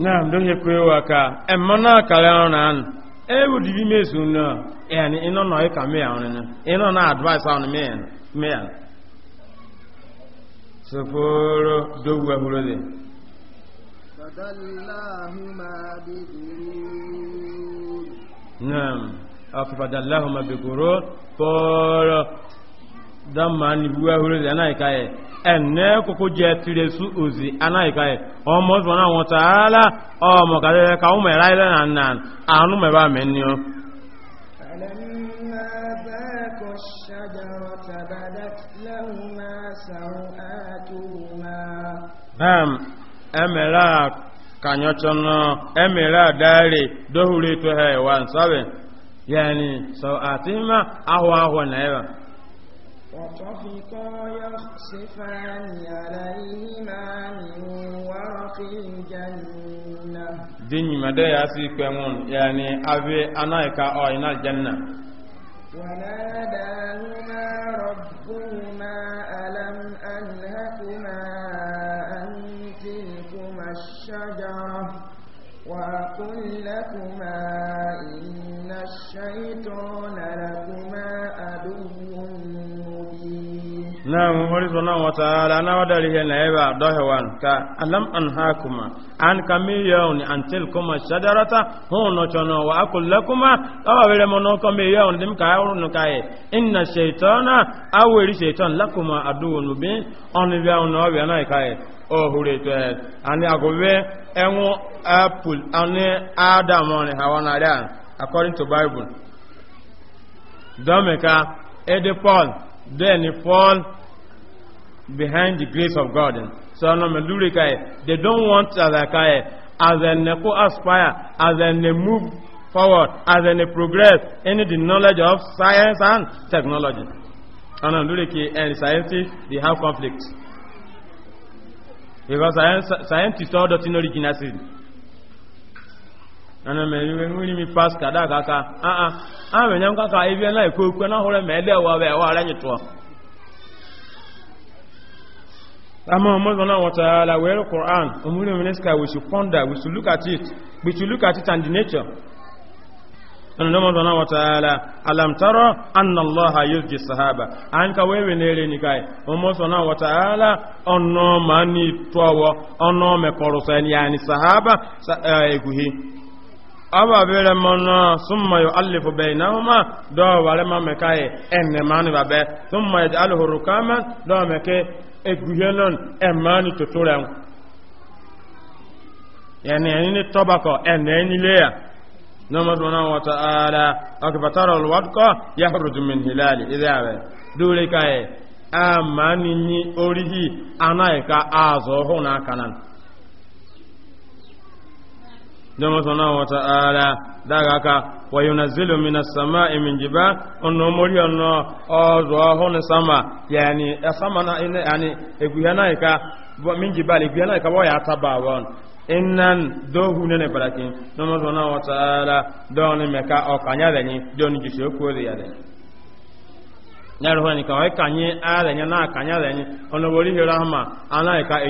na ndohe kwewa ka emana kare ọrụ ewu dịbi mesu na yani e ino e no e ka me ya ọrụ e na advice on me me ya soforo dowu ahuro de fadallahuma bigurur fadallahuma bigurur na Enaakukgu gị jẹ esu ozi anaghịkwa gị: "Ọmụọzụnwụ anwụntaala ọmụgadịdịka ụmụ ọmọ na anụmanụ ebe a mụnneọ. "Ana m abe kwa shago t'abịa dị iche ndee mmụọ asa ahụ etu mma. Baa m, emere a Kanyọkye nọọ, emere a daalị doluo etu ha ịwa nsabitị وطفقا يخصفان عليهما من ورق الجنة دين مدى يسيكمون يعني أبي أنايك أو إنا الجنة وناداهما ربهما ألم أنهكما أن تلكما الشجرة وأقل لكما إن الشيطان لكما عدو na muhuri sona wa ta'ala na wadari he na yaba dohewan ka alam an hakuma an kamiyawni an tilkuma shadarata hono chono wa akul lakuma awa wele mono kamiyawni dim ka awru no kai inna shaytana awri shaytan lakuma aduun mubin on bi'a no bi'a na kai o hure to ani agobe enwo apple ani adam on hawana da according to bible domeka ede paul then they fall behind the grace of God. So no me lure kai. They don't want as they kai aspire as an move forward as an progress in the knowledge of science and technology. And lure ki and scientists they have conflicts Because science scientists all that in originated. ana mere iwe nwere imi paska da ka aka ah, ah. a a a ka ibe na ekwe okwe na hụrụ ma ede wa be wa ranye tụọ ama ọmọdé na wọ́n tààlà quran omúlẹ̀ minisca we should ponder we should look at it we should look at it and the nature ẹnu ọmọdé náà wọ́n tààlà alamtaro annalọ́ha yóò sahaba aba bere mona summa yu'allifu bainahuma do wale ma mekai enne mani babe summa yaj'aluhu rukaman do meke eguyenon emani tuturan yani yani ni tobako enne ni leya nama dona wa ta'ala akbatara alwadqa yahruju min hilali idabe dole kai amani ni orihi anaika azo hona kanan domin sana wata ala daga aka wayuna zilu mina sama imin jiba ọnà mori ọnà ọzọ ọhụrụ sama ya sama na ina yani eguya na ika min jiba na ika wọ́ya taba wọn innan dohu ne ne ni a na kanya rẹ̀ ni ọ̀nà wòrí hira hama ka e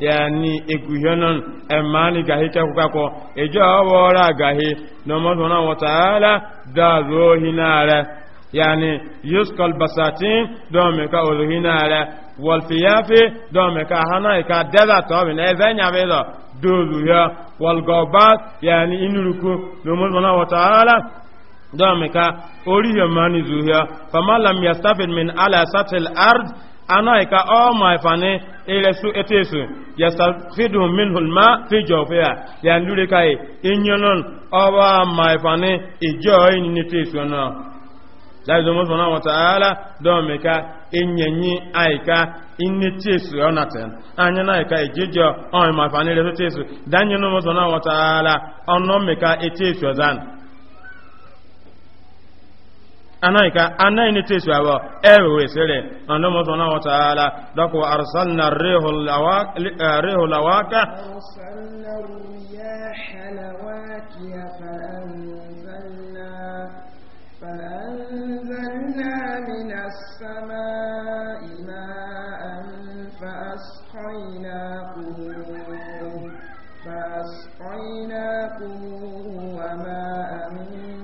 yani ekuhionon emani gahi kakukako ejo awora gahi nomo wataala wa ta'ala da zohinare yani yuskal basatin don meka ozohinare walfiyafi don meka hana ika deza tobi na eze nyabezo dozu ya walgobat yani inuruku nomo wataala wa ta'ala meka oriyo mani zuhya fama lam yastafid min ala satil ard anaika all oh my fane ilesu etesu yastafidu minhu alma fi jawfiha ya lure kai inyonon all my fane ijo in nitesu na dai zo mosona wa ta'ala do me ka enyenyi aika onaten anya na aika ijo all oh my fane ilesu tesu danyo mosona wa ta'ala zan anaika anai ne tesu awo ewe sere ando mo tona wa taala dako arsalna rihul lawak rihul lawaka arsalna riyah lawaki fa anzalna fa anzalna min as-samaa'i ma'an fa asqaynakum fa asqaynakum wa ma antum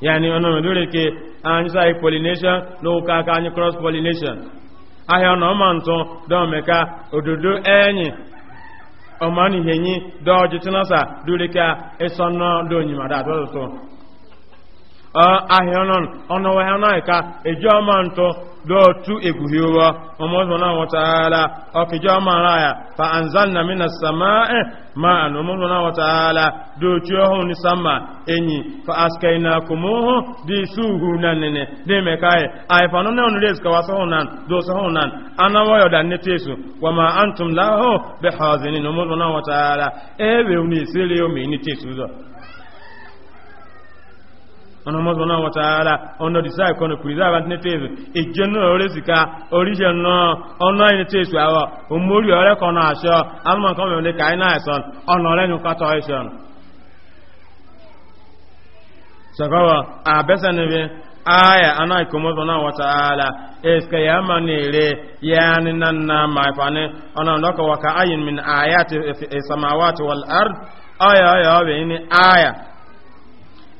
yani ono medure ke anyi sai pollination no aka anyị cross pollination ahia no man to do meka ododo enyi ọmọ nìyẹn yín dọ́ọ̀jì tí náà sà dúró ká ẹ̀sán náà dóyìn màdá àtọ́tọ̀tọ̀ ahịa ọnụwa ha naịka ejiọma ntụ dọtu egwuhiwa ọmọdụna wataala ọkịjọma raya fa anzalna mina sama'i ma an ọmọdụna wataala dotu ọhụụ ni sama enyi fa askaina kumuhu di suhu na dị na na anawa na na ọ̀nà mọ́sánà wọ̀tàálà ọ̀nà dìsáì kọ́nà pìrìsáì àti nítèèzì ìjẹ́nú oríṣìíká oríṣẹ́ náà ọ̀nà ìnítèèzì àwọ̀ òmórí ọ̀rẹ́ kọ́nà àṣọ alùmọ̀kọ́mọ̀lẹ́ kàínà àìsàn ọ̀nà ọ̀rẹ́nu kátọ̀ àìsàn sọ̀kọ́wọ̀ àbẹ́sẹ̀nibí aya ana ikomo e zona wa ta'ala eske ya manire ya ni nan na maifane e ona ndoko waka ayin min ayati e samawati wal ard aya aya we ni aya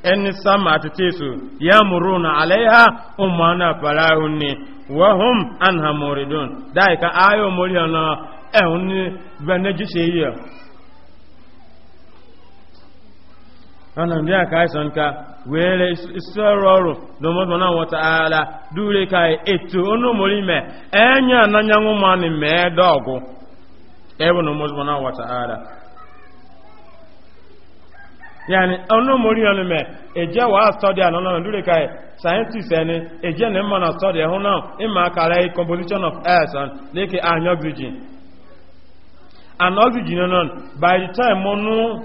ẹni sáàmà àti tíṣù yá na aláìhá ọmọ náà pàláhùn ni wọ́hùn anha dáìka ayé omori ọ̀nà ẹ̀hùn ní bẹ̀nẹ́jì ṣe yíyọ ọ̀nà bí àkáìsàn ká wèrè ìṣòro ọrùn náà wọ́ta ara ka ètò mẹ́ ẹ̀yìn náà wọ́ta ara yani ọnụ mori ọnụ mẹ eje wa study anọ na ndure kai scientist ẹni eje ne mma na study ẹhụ na ịma akara e, composition of earth and leke anyọ virgin and oxygen nọ by the time ọnụ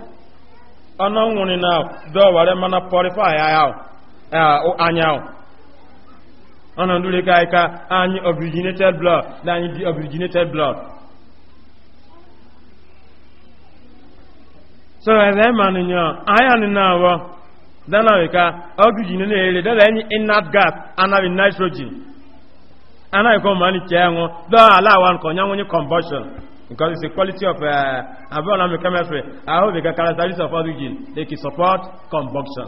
ọnụ nwụrụ na dọwara mana purify ya anya ọnụ ndure kai ka anyị originated blood na anyị dị blood so ɛdɛ ma no nyɔ aya no na wɔ dana wika oxygen no ele dɛ ɛnyi inert gas anabi nitrogen ana ikɔ ma ni kyɛ ŋo dɔ ala wa nkɔ nyɛ ŋo nye combustion because it's a quality of uh, eh, abiona chemistry i hope the characteristics of oxygen they can support combustion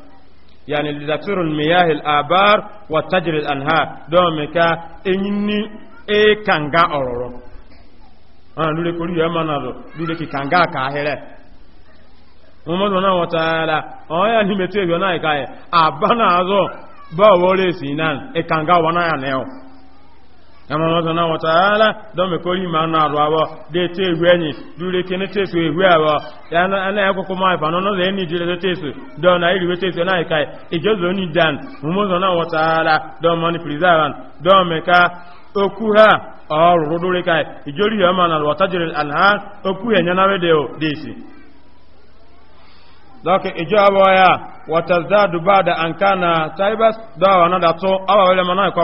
yani lidafiru miyahi al'abar wa tajiri al'anha domin ka enyi e kanga ọrọrọ ana lule kori yọ mana zo lule ki kanga ka ahire muhammadu na wata ala ọ̀hún yà ní mẹ́tí na náà ya ẹ̀ àbá náà zọ bọ́ọ̀wọ́ si sí náà kanga wọn náà yà náà ẹmọ̀lọ́sọ̀nà wọ̀tàálá dọ́mẹ̀kórí ma ń àrọ̀ àwọ̀ dẹ́tẹ́ ìwé ẹ̀yìn dúró kí ní tẹ́sù ìwé àwọ̀ ẹlẹ́ẹ̀kọ́kọ́ máa ìfànọ́nà lẹ́yìn ní ìdílé tẹ́sù dọ́nà ìrìwé tẹ́sù náà ìka ìjọ́sọ̀ ní dan mọ̀lọ́sọ̀nà wọ̀tàálá dọ́mọ̀ni preservant dọ́mẹ̀ká okú ha ọ̀rọ̀ dúró ká ìjórí e ọmọ náà wọ̀tàjìrì àlhá okú ẹ̀yẹn náà wẹ́dẹ̀ ò dẹ́sì dɔk ijo e aboya watazadu bada ankana taibas dɔwa na dato awa wele mana ikwa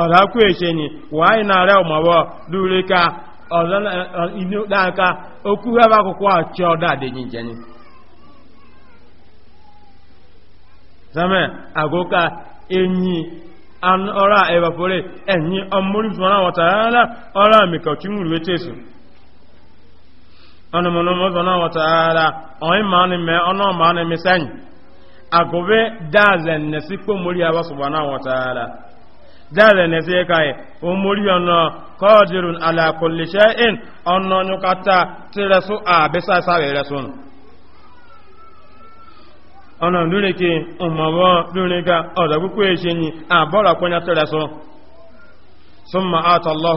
ọ̀dàkùn èṣe ni wàáyì náà rẹ̀ ọ̀mọ̀wọ́ lórí ká ọ̀dọ́nàká okú rẹ̀bá kòkó àti ọ̀dọ́ àdéjì jẹ́ ni sẹ́mẹ̀ àgókà ẹ̀yìn ọ̀rá ẹ̀bàfórè enyi ọmọlùsùn àwọn tààrà ọ̀rá mìkọ̀tìmù rẹ̀ tẹ̀sùn ara mọ̀lọ́mọ́sùn àwọn tààrà ọ̀yìn dáàrẹ̀ ní sí ẹka ẹ̀ o mórí ọ̀nà kọ́ọ̀dìrún alákòlẹ̀ṣẹ́ in ọ̀nà ọ̀nyọ́kátà tí rẹ̀sùn àbẹ́sàsáwẹ̀ rẹ̀sùn ọ̀nà lóríkì ọmọwọ́ lóríkà ọ̀dọ̀gbùkú èṣe ni àbọ́rọ̀ pẹ́yà tí rẹ̀sùn ثم آت الله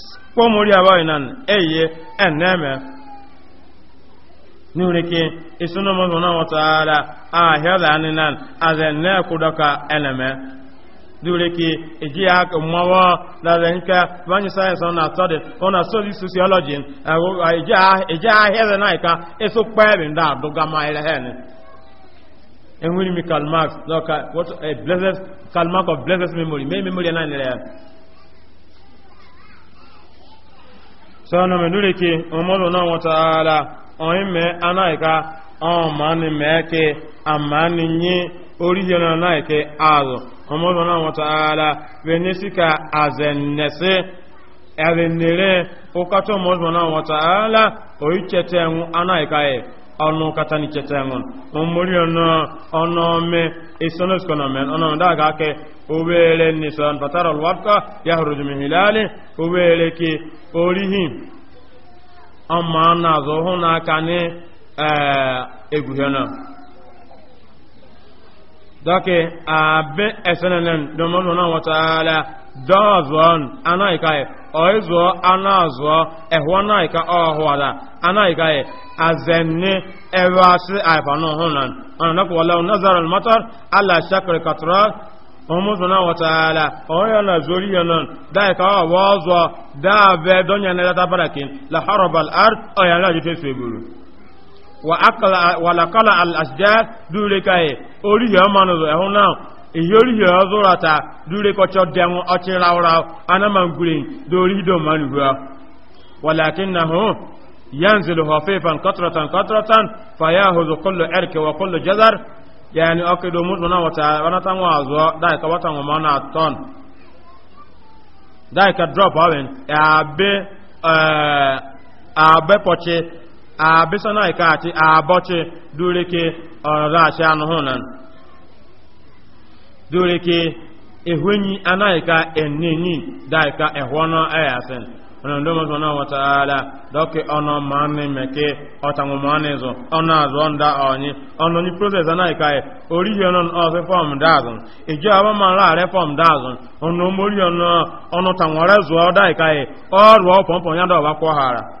kpọmori abaghị na eye eneme nurike isunu mu zuna wa ta'ala a hiyada aninan azenne eneme dureke eji aka mmawa dada nka vanyi na-atọdị ọ na-asọdị sosiọlọji eji ahịa na ịka eso kpebi ndị adụga ma irehen enwere mi kalmak a blessed of blessed memory mee memory na tọọ na mberi kee ọ ma ọzọ na-awụta haala oyi mee anaghị ka ọ maa nị mee kee na nye ori ihe na-anaghị kee azụ ọ ma ọzọ na-awụta haala bene sika aze na esi ebe nnere ọ kacha ọ ma ọzọ na-awụta haala oyi cheta ịnwụ anaghị e. ọnụ kata ni cheta ngon mmori ọnụ ọnụ me isono skono men ọnụ da aka ke obere ni son fatara ya yahruju min hilali obere ki orihi amma na zo hu na ka ni eh eguhena abe esenenen domo nona wa taala dọọzụọ anaghịka ya ọịzụọ ana azụọ ehụ anaghịka ọhụwara anaghịka ya azenne ebe asị aifanụ hụ na ọnụ nakwụwala nazara matar ala shakiri katara ọmụzụna wataala ọhụya na zori ya nọ daịka ọbụ ọzọ daabe dọnya na data barakin la harabal art ọya na ajite seburu wa akala walakala al asjar dure kai ori ya manu ehun now iyorihio zụrata durekọcha denwu ọchịrawra anamangwurin dorido manugua walakinnahu yanzilu hafifan katratan katratan fayahuzu kullu erke wa kullu jazar yani okido mutuna wata wanatan wazo dai ka watan wa mana ton drop abe abe dore ịhụ enyi anaika enenyi daika ehwono ayasen ona ndo mo sona wa taala doke ono mane meke otangu mane zo ona zo nda onyi ono ni process anaika e ori yo non o se form dazon ma tanwara ọrụ ya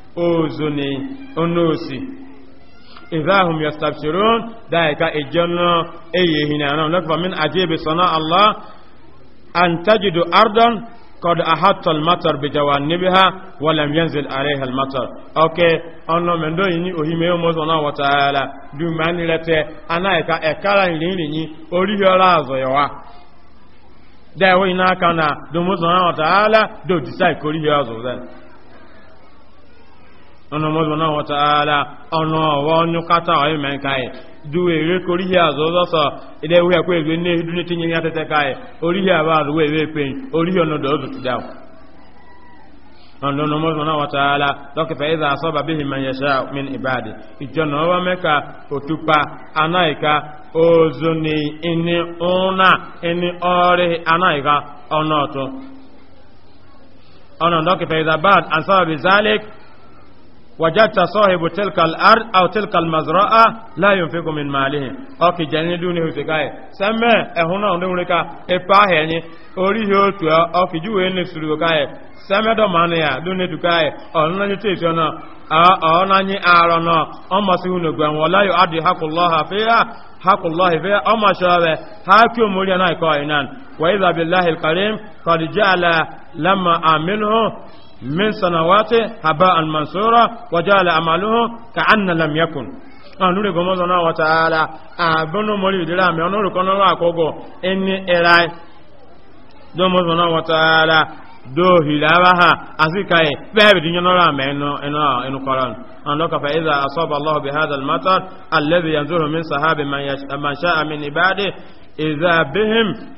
oosonị ọnụ osi eze ahụ mịa staps ron ndị ahịa ka ejono e yi ehihie na anọ nafọ mịn adị ebe sona ala and tajirili ardọn kọdụ a ha tọlmatọrụ gị dọwa nevi ha wọla n'ihe nze ari-hel matọrọ oke ọnụ ndị ohi mee o muhisa ọnọ ọtọ ala ndụmọ anyị ya ụwa ndị ahịa na akara ndụmọ muhisa ọnọ ọtọ ala ndị ọrịa ndịsa ahịa ọnụ mọzụna wataala ọnụ ọwa ọnyụ kata ọyị mee nka anyị duwe ere ka orihi azụ ụzọ sọ ịdị ewu ekwe ezue nne edu n'etinye ihe atete ka anyị orihi abụ azụ wee wee kwe orihi ọnọdụ ozutu dawo ọ̀nà mọ́sánà dọkịta lọ́kẹfẹ́ ìzà àsọ́bà bí ìmọ̀nyẹ̀ṣẹ́ min ìbáàdì ìjọna ọwọ́ mẹ́ka òtúpa anáìka òzùnì ìní ọ̀nà ìní ọ̀rí anáìka ọ̀nà ọ̀tún ọ̀nà lọ́kẹfẹ́ ìzà báàd àsọ́bà bí zálẹ́kì وجدت صاحب تلك الأرض أو تلك المزرعة لا ينفق من ماله أوكي جاني دوني هسكاي سمع هنا عندك إباه يعني أريه أو أوكي جو إني سلوكاي سمع دمانة يا دوني دكاي أنا نتيجنا أنا ني أرانا أما سهون غوان ولا يؤدي حق الله فيها حق الله فيها أما شابه حاكم مولينا كائنان وإذا بالله الكريم قد جعل لما أمنه min sanawati haba almansura wajala amaluhu ka anna lam yakun anure gomo zona wa taala abono mori dira me onuru kono wa kogo eni erai domo zona wa taala do hilaba ha azikaye bebe dinyo no ra me no eno eno koran andoka fa iza asaba allah bi hadha almatar alladhi yanzuru min sahabi man yasha min ibadi iza bihim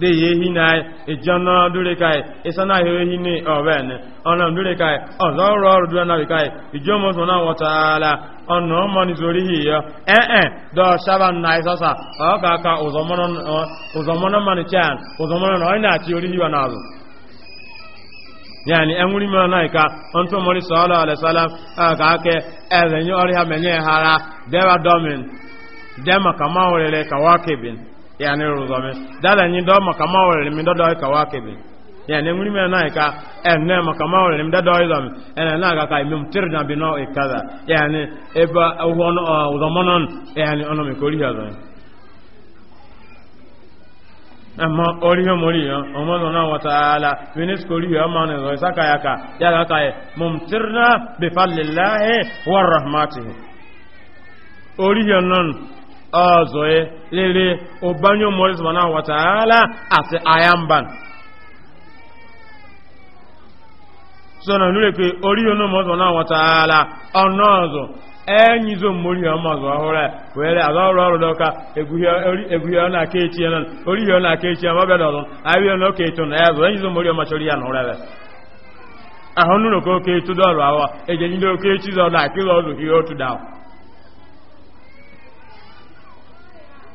de ye hi na ejono dure kai isana he hi ni oben ona dure kai ozo ro ro dure na kai ijomo so na wata ala ona mo ni zori hi yo eh eh do shaba na isasa o ka ka uzomono uzomono mani chan uzomono no ina ti ori hi wa na yani en wuri mana naika on to mori sallallahu alaihi wasallam aka ake ezenyo ori ha menye hara dewa domin dema kama orele kawakibin yani ruzomi dala nyi do makama wala mi do do ka wakibi yani nguri me na ka enne eh, makama wala mi do do zomi enne eh, na ka kai mum tirna bi no e kaza yani e ba won o zomonon uh, yani ono mi kori hazo amma eh, oriyo moriyo amma zona wa ta'ala minis koriyo amma ne zo saka yaka ya ka kai mum tirna bi fadlillahi war rahmatihi oriyo non ọzọye lere ụbanye ụmụrụ zụmana wataala asị ayamban so na nure pe ori onu na wata ala ona zo enyi zo mori o mo zo hore were ala ro ya. na ori ona ke ti ma be ọ na na zo enyi zo mori o ma ya no re ahonu ro ko ke to awa na ki zo zo ki o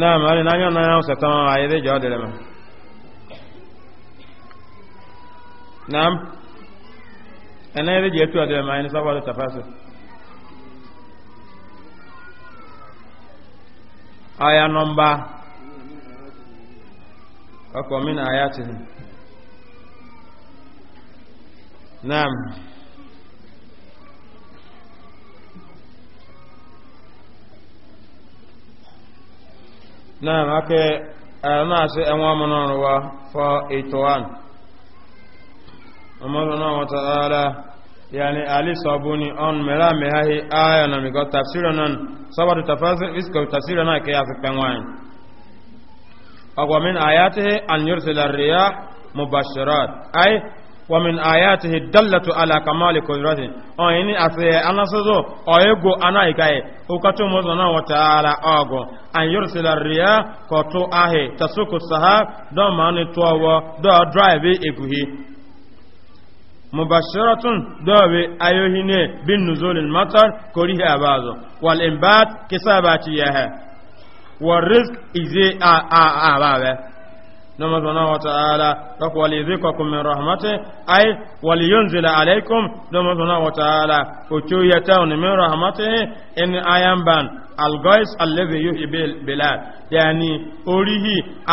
náà mọ̀ ní anyọ́ náà ọ̀sẹ̀ tán ayédè jọ́ dẹ̀rẹ̀ mọ̀ náà ẹ̀nà ayédè jẹ́ tú ọ̀dẹ̀rẹ̀ mọ̀ ayé ní sábà tafasẹ̀ aya nọmba ọkọ̀ mi na ayá ti náà naam ake maasi eh, ɛŋɔ mɔnɔri wa fɔ itoan ɔmɔ sɔnna wa ta'ala yani ali sabuni on mera mehahi aya na migo na nan sabatu tafasir isko tafsira na ke yafi penwain agwa min ayatihi an yursila riyah mubashirat ومن آياته الدلة على كمال قدرته أو إني أسي أنا سوزو أو يغو أنا إكاي وكتو مزنا وتعالى أغو أن يرسل الرياء كتو أهي تسوك السحاب دو ماني توو دو درايبي إكوهي مباشرة دوبي أيوهيني بالنزول المطر كوريه أبازو والإنبات كساباتي يها والرزق إزي أبابه نما سبحانه وتعالى فك وليذيقكم من رحمته أي ولينزل عليكم نما سبحانه وتعالى فتويتون من رحمته إن أيام بان الغيث الذي يحيي البلاد يعني أريه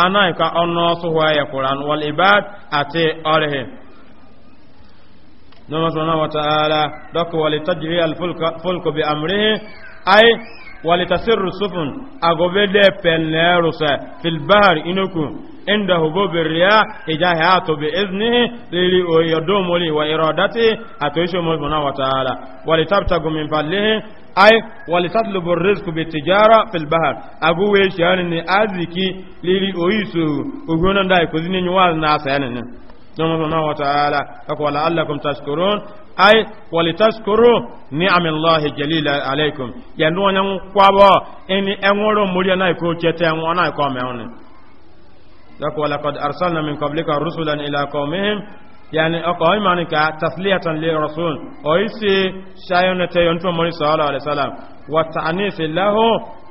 أنا كأناس هو القرآن والعباد أتي أريه نما سبحانه وتعالى دك ولتجري الفلك فلك بأمره أي ولتسر السفن أغبد فنرسا في البحر إنكو عند هبوب الرياح إجاهات بإذنه ليدوم لي وإرادته أتوشي سبحانه وتعالى ولتبتغ من فضله أي ولتطلب الرزق بالتجارة في البحر أذكي للي أزكي ليؤيسه دائكو ذنين نواز يعني نعم الله تعالى فقال لعلكم تشكرون ay walitaskuru ni'amillahi jalila alaykum yandu wonyan kwabo eni enworo muri na ko chete enwo na ko meoni dak wala qad arsalna min qablika rusulan ila qaumihim yani aqwa imanika tasliyatan li rasul o isi shayona te yonto muri sallallahu alaihi wasallam wa ta'nisi lahu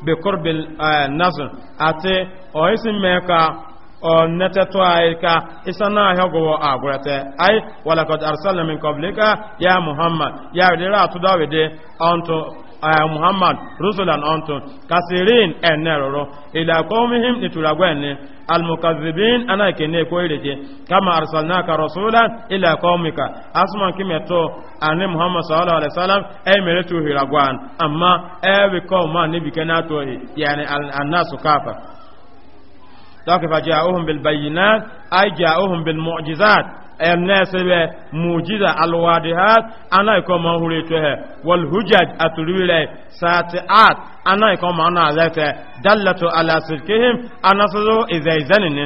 bi qurbil eh, nasr ate o isi meka نتتوا ايكا اسنا هغو اغرته اي ولقد ارسلنا من قبلك Muhammad محمد يا ديرا تداود انتو aya muhammad rusulan onto kasirin enero ila qawmihim nituragwenne almukazzibin ana kene ko ireke kama arsalnaka rasulan ila qawmika asman kimeto ani muhammad sallallahu alaihi wasallam ay e meretu hiragwan amma ay e bi qawma ni bikana to yani annasu kafa donc fajaahum bilbayinat ay jaahum bilmu'jizat ɛnɛsɛbɛ mujiza alwadihat ana ikɔ ma hure tɔhɛ walhujaj aturile sati'at ana ikɔ ma ana zɛtɛ dallatu ala sirkihim ana sɔzɔ izɛizɛnini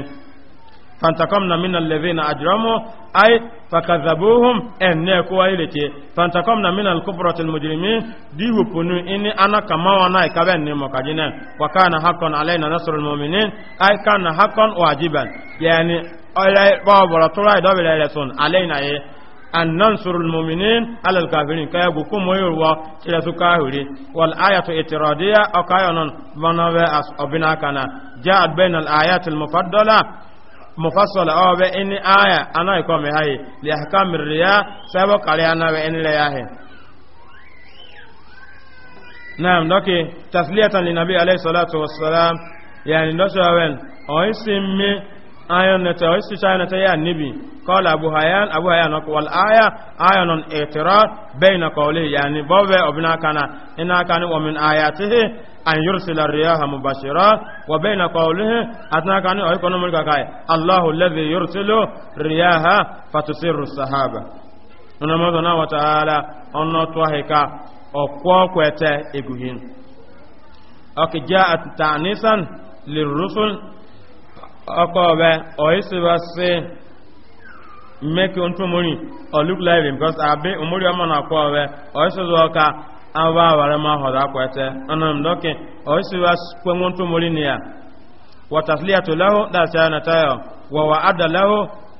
فانتقمنا من الذين أجرموا أي فكذبوهم أن كويلتي فانتقمنا من الكفرة المجرمين ديو بنو إني أنا كما وانا كبن مكاجين وكان حقا علينا نصر المؤمنين أي كان حقا واجبا يعني اي بابا طلع دبل علينا, علينا اي أن ننصر المؤمنين على الكافرين كي يقوم ويروا إلى سكاهري والآية اعتراضية أو كايون بنوى أبنا كان جاءت بين الآيات المفضلة Mufasola awa bɛ ini aya ana ikɔ mi hayi li ahkam riya sɛbɔ kari ana bɛ ini lɛ yahe naam dɔki tasliyatan li nabi alayhi salatu wassalam yani dɔsɔ wɛn ɔyi simmi ayon nata ɔyi sisa nata ya nibi kɔla abu hayan abu hayan ɔkɔ wal aya aya non itirar bɛyina kɔli yani bɔ bɛ kana ina kani wɔmin ayatihi an yursila riyaha mubashira wa bayna qawlihi atna kan ay kono mulka kay Allahu alladhi yursilu riyaha fatusiru sahaba nuna mo na wa ta'ala onno to heka okwo kwete eguhin oke ja'at ta'nisan lirusul akobe oisibase make unto money or look like him because abe umuri amana akobe oisozo ka aba awara ma hɔda ete anam dɔke ɔyisi wa kpɛŋɔn tó mori nia wɔtasiliya tó lɛho da sɛya na tayɔ wɔwɔ ada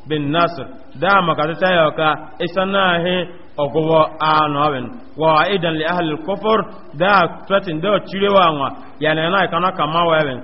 bin nasir daa makati tayɔ ka isanaahi ɔgɔbɔ aanɔbin wɔwɔ idan li ahli kofur wa ŋwa yɛlɛ na kana kama wɛbin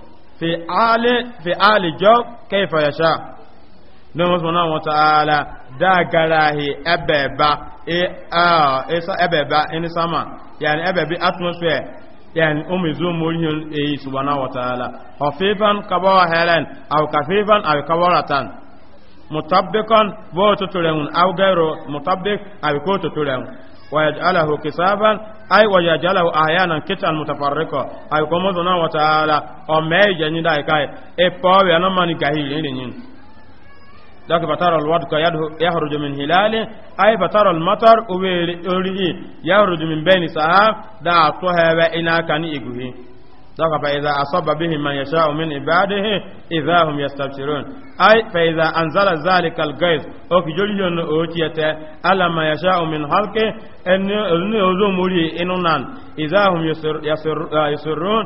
fi ali fi ali job kaifa yasha nomo sona wa ta'ala da garahi ebeba e ah esa ebeba in sama yani ebebi atmosphere yani umizu murihin e subhanahu wa ta'ala hafifan kabawa helen aw kafifan aw kawaratan mutabbikan bo tuturemun aw gairu mutabbik aw ko tuturemun ويجعله كسابا أي ويجعله أحيانا كتا متفرقا أي كما سنا وتعالى أمي جنين داي كاي إبقاوي أنا ماني كهيل إنين ذاك فترى الودك يخرج من هلاله أي فترى المطر أولي يخرج من بين سحاب دا أطوها وإنا كان إقوهي saka fa idha asaba bihi man yashau min ibadihi idha hum yastabshirun ay fa idha anzala zalika alghayth o ki joli yon o tiyete ala ma yashau min halki en ne ozo muri inunan idha hum yasirrun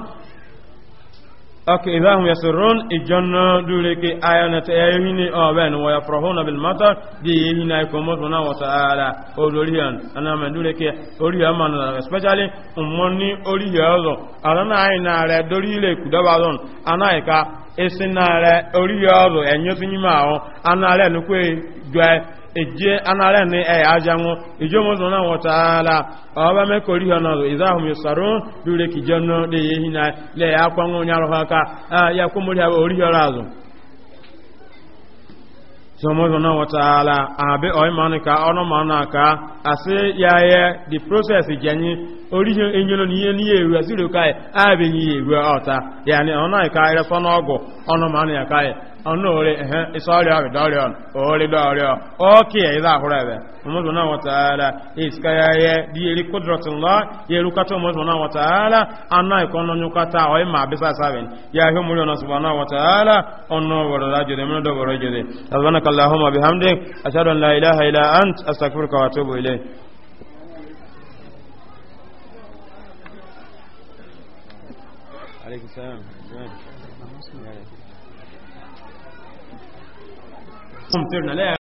ok idahum yasurun ijanna dure ke ayana ta yahini o ben wa yafrahuna bil mata di yahina ay komo sona wa taala o doriyan ana man dure ke ori aman especially ummoni ori yazo arana na re le ku da bazon ana ay ka esinare ori yazo enyo sinima eje anara ni e eh, ajanwo ijo mo zona wa taala aba me ko ri na iza hum yusarun dure ki jonno de yehi na le ya kwa ngo nyaro a ah, ya ko muri ha ori yora azu so mo zona wa taala abe o imani ka ono mana ka ase ya ye the process jenyi ori yo enyelo ni ye ni ewu asiro kai abe ni ewu ota yani ona ka ire so na ogo ono mana ya kai ọ̀nà orí ẹ̀hẹ́ ìsọ́rẹ̀ àrẹ̀dọ́rẹ̀ orílẹ̀-ọ̀rẹ̀ ọ́kì ẹ̀yẹ́dá àkúrẹ̀ rẹ̀ ọmọdún náà wọ̀tàálà ìsìkáyẹ di eri kódrọ̀tún lọ yẹrùkátọ̀ ọmọdún náà wọ̀tàálà aná ìkọ́nọ́nyúkátà ọ̀ẹ́mà àbísà sábẹ̀n yàhí múlò náà sùgbọ́n náà wọ̀tàálà ọ̀nà wọ̀rọ̀dá jẹ́dẹ mẹ́rin dọ̀wọ̀rọ̀ jẹ́dẹ albanaka allahumma bihamdik ashhadu an la ilaha illa ant astaghfiruka wa atubu ilayk عليكم السلام fún tẹ́rù náà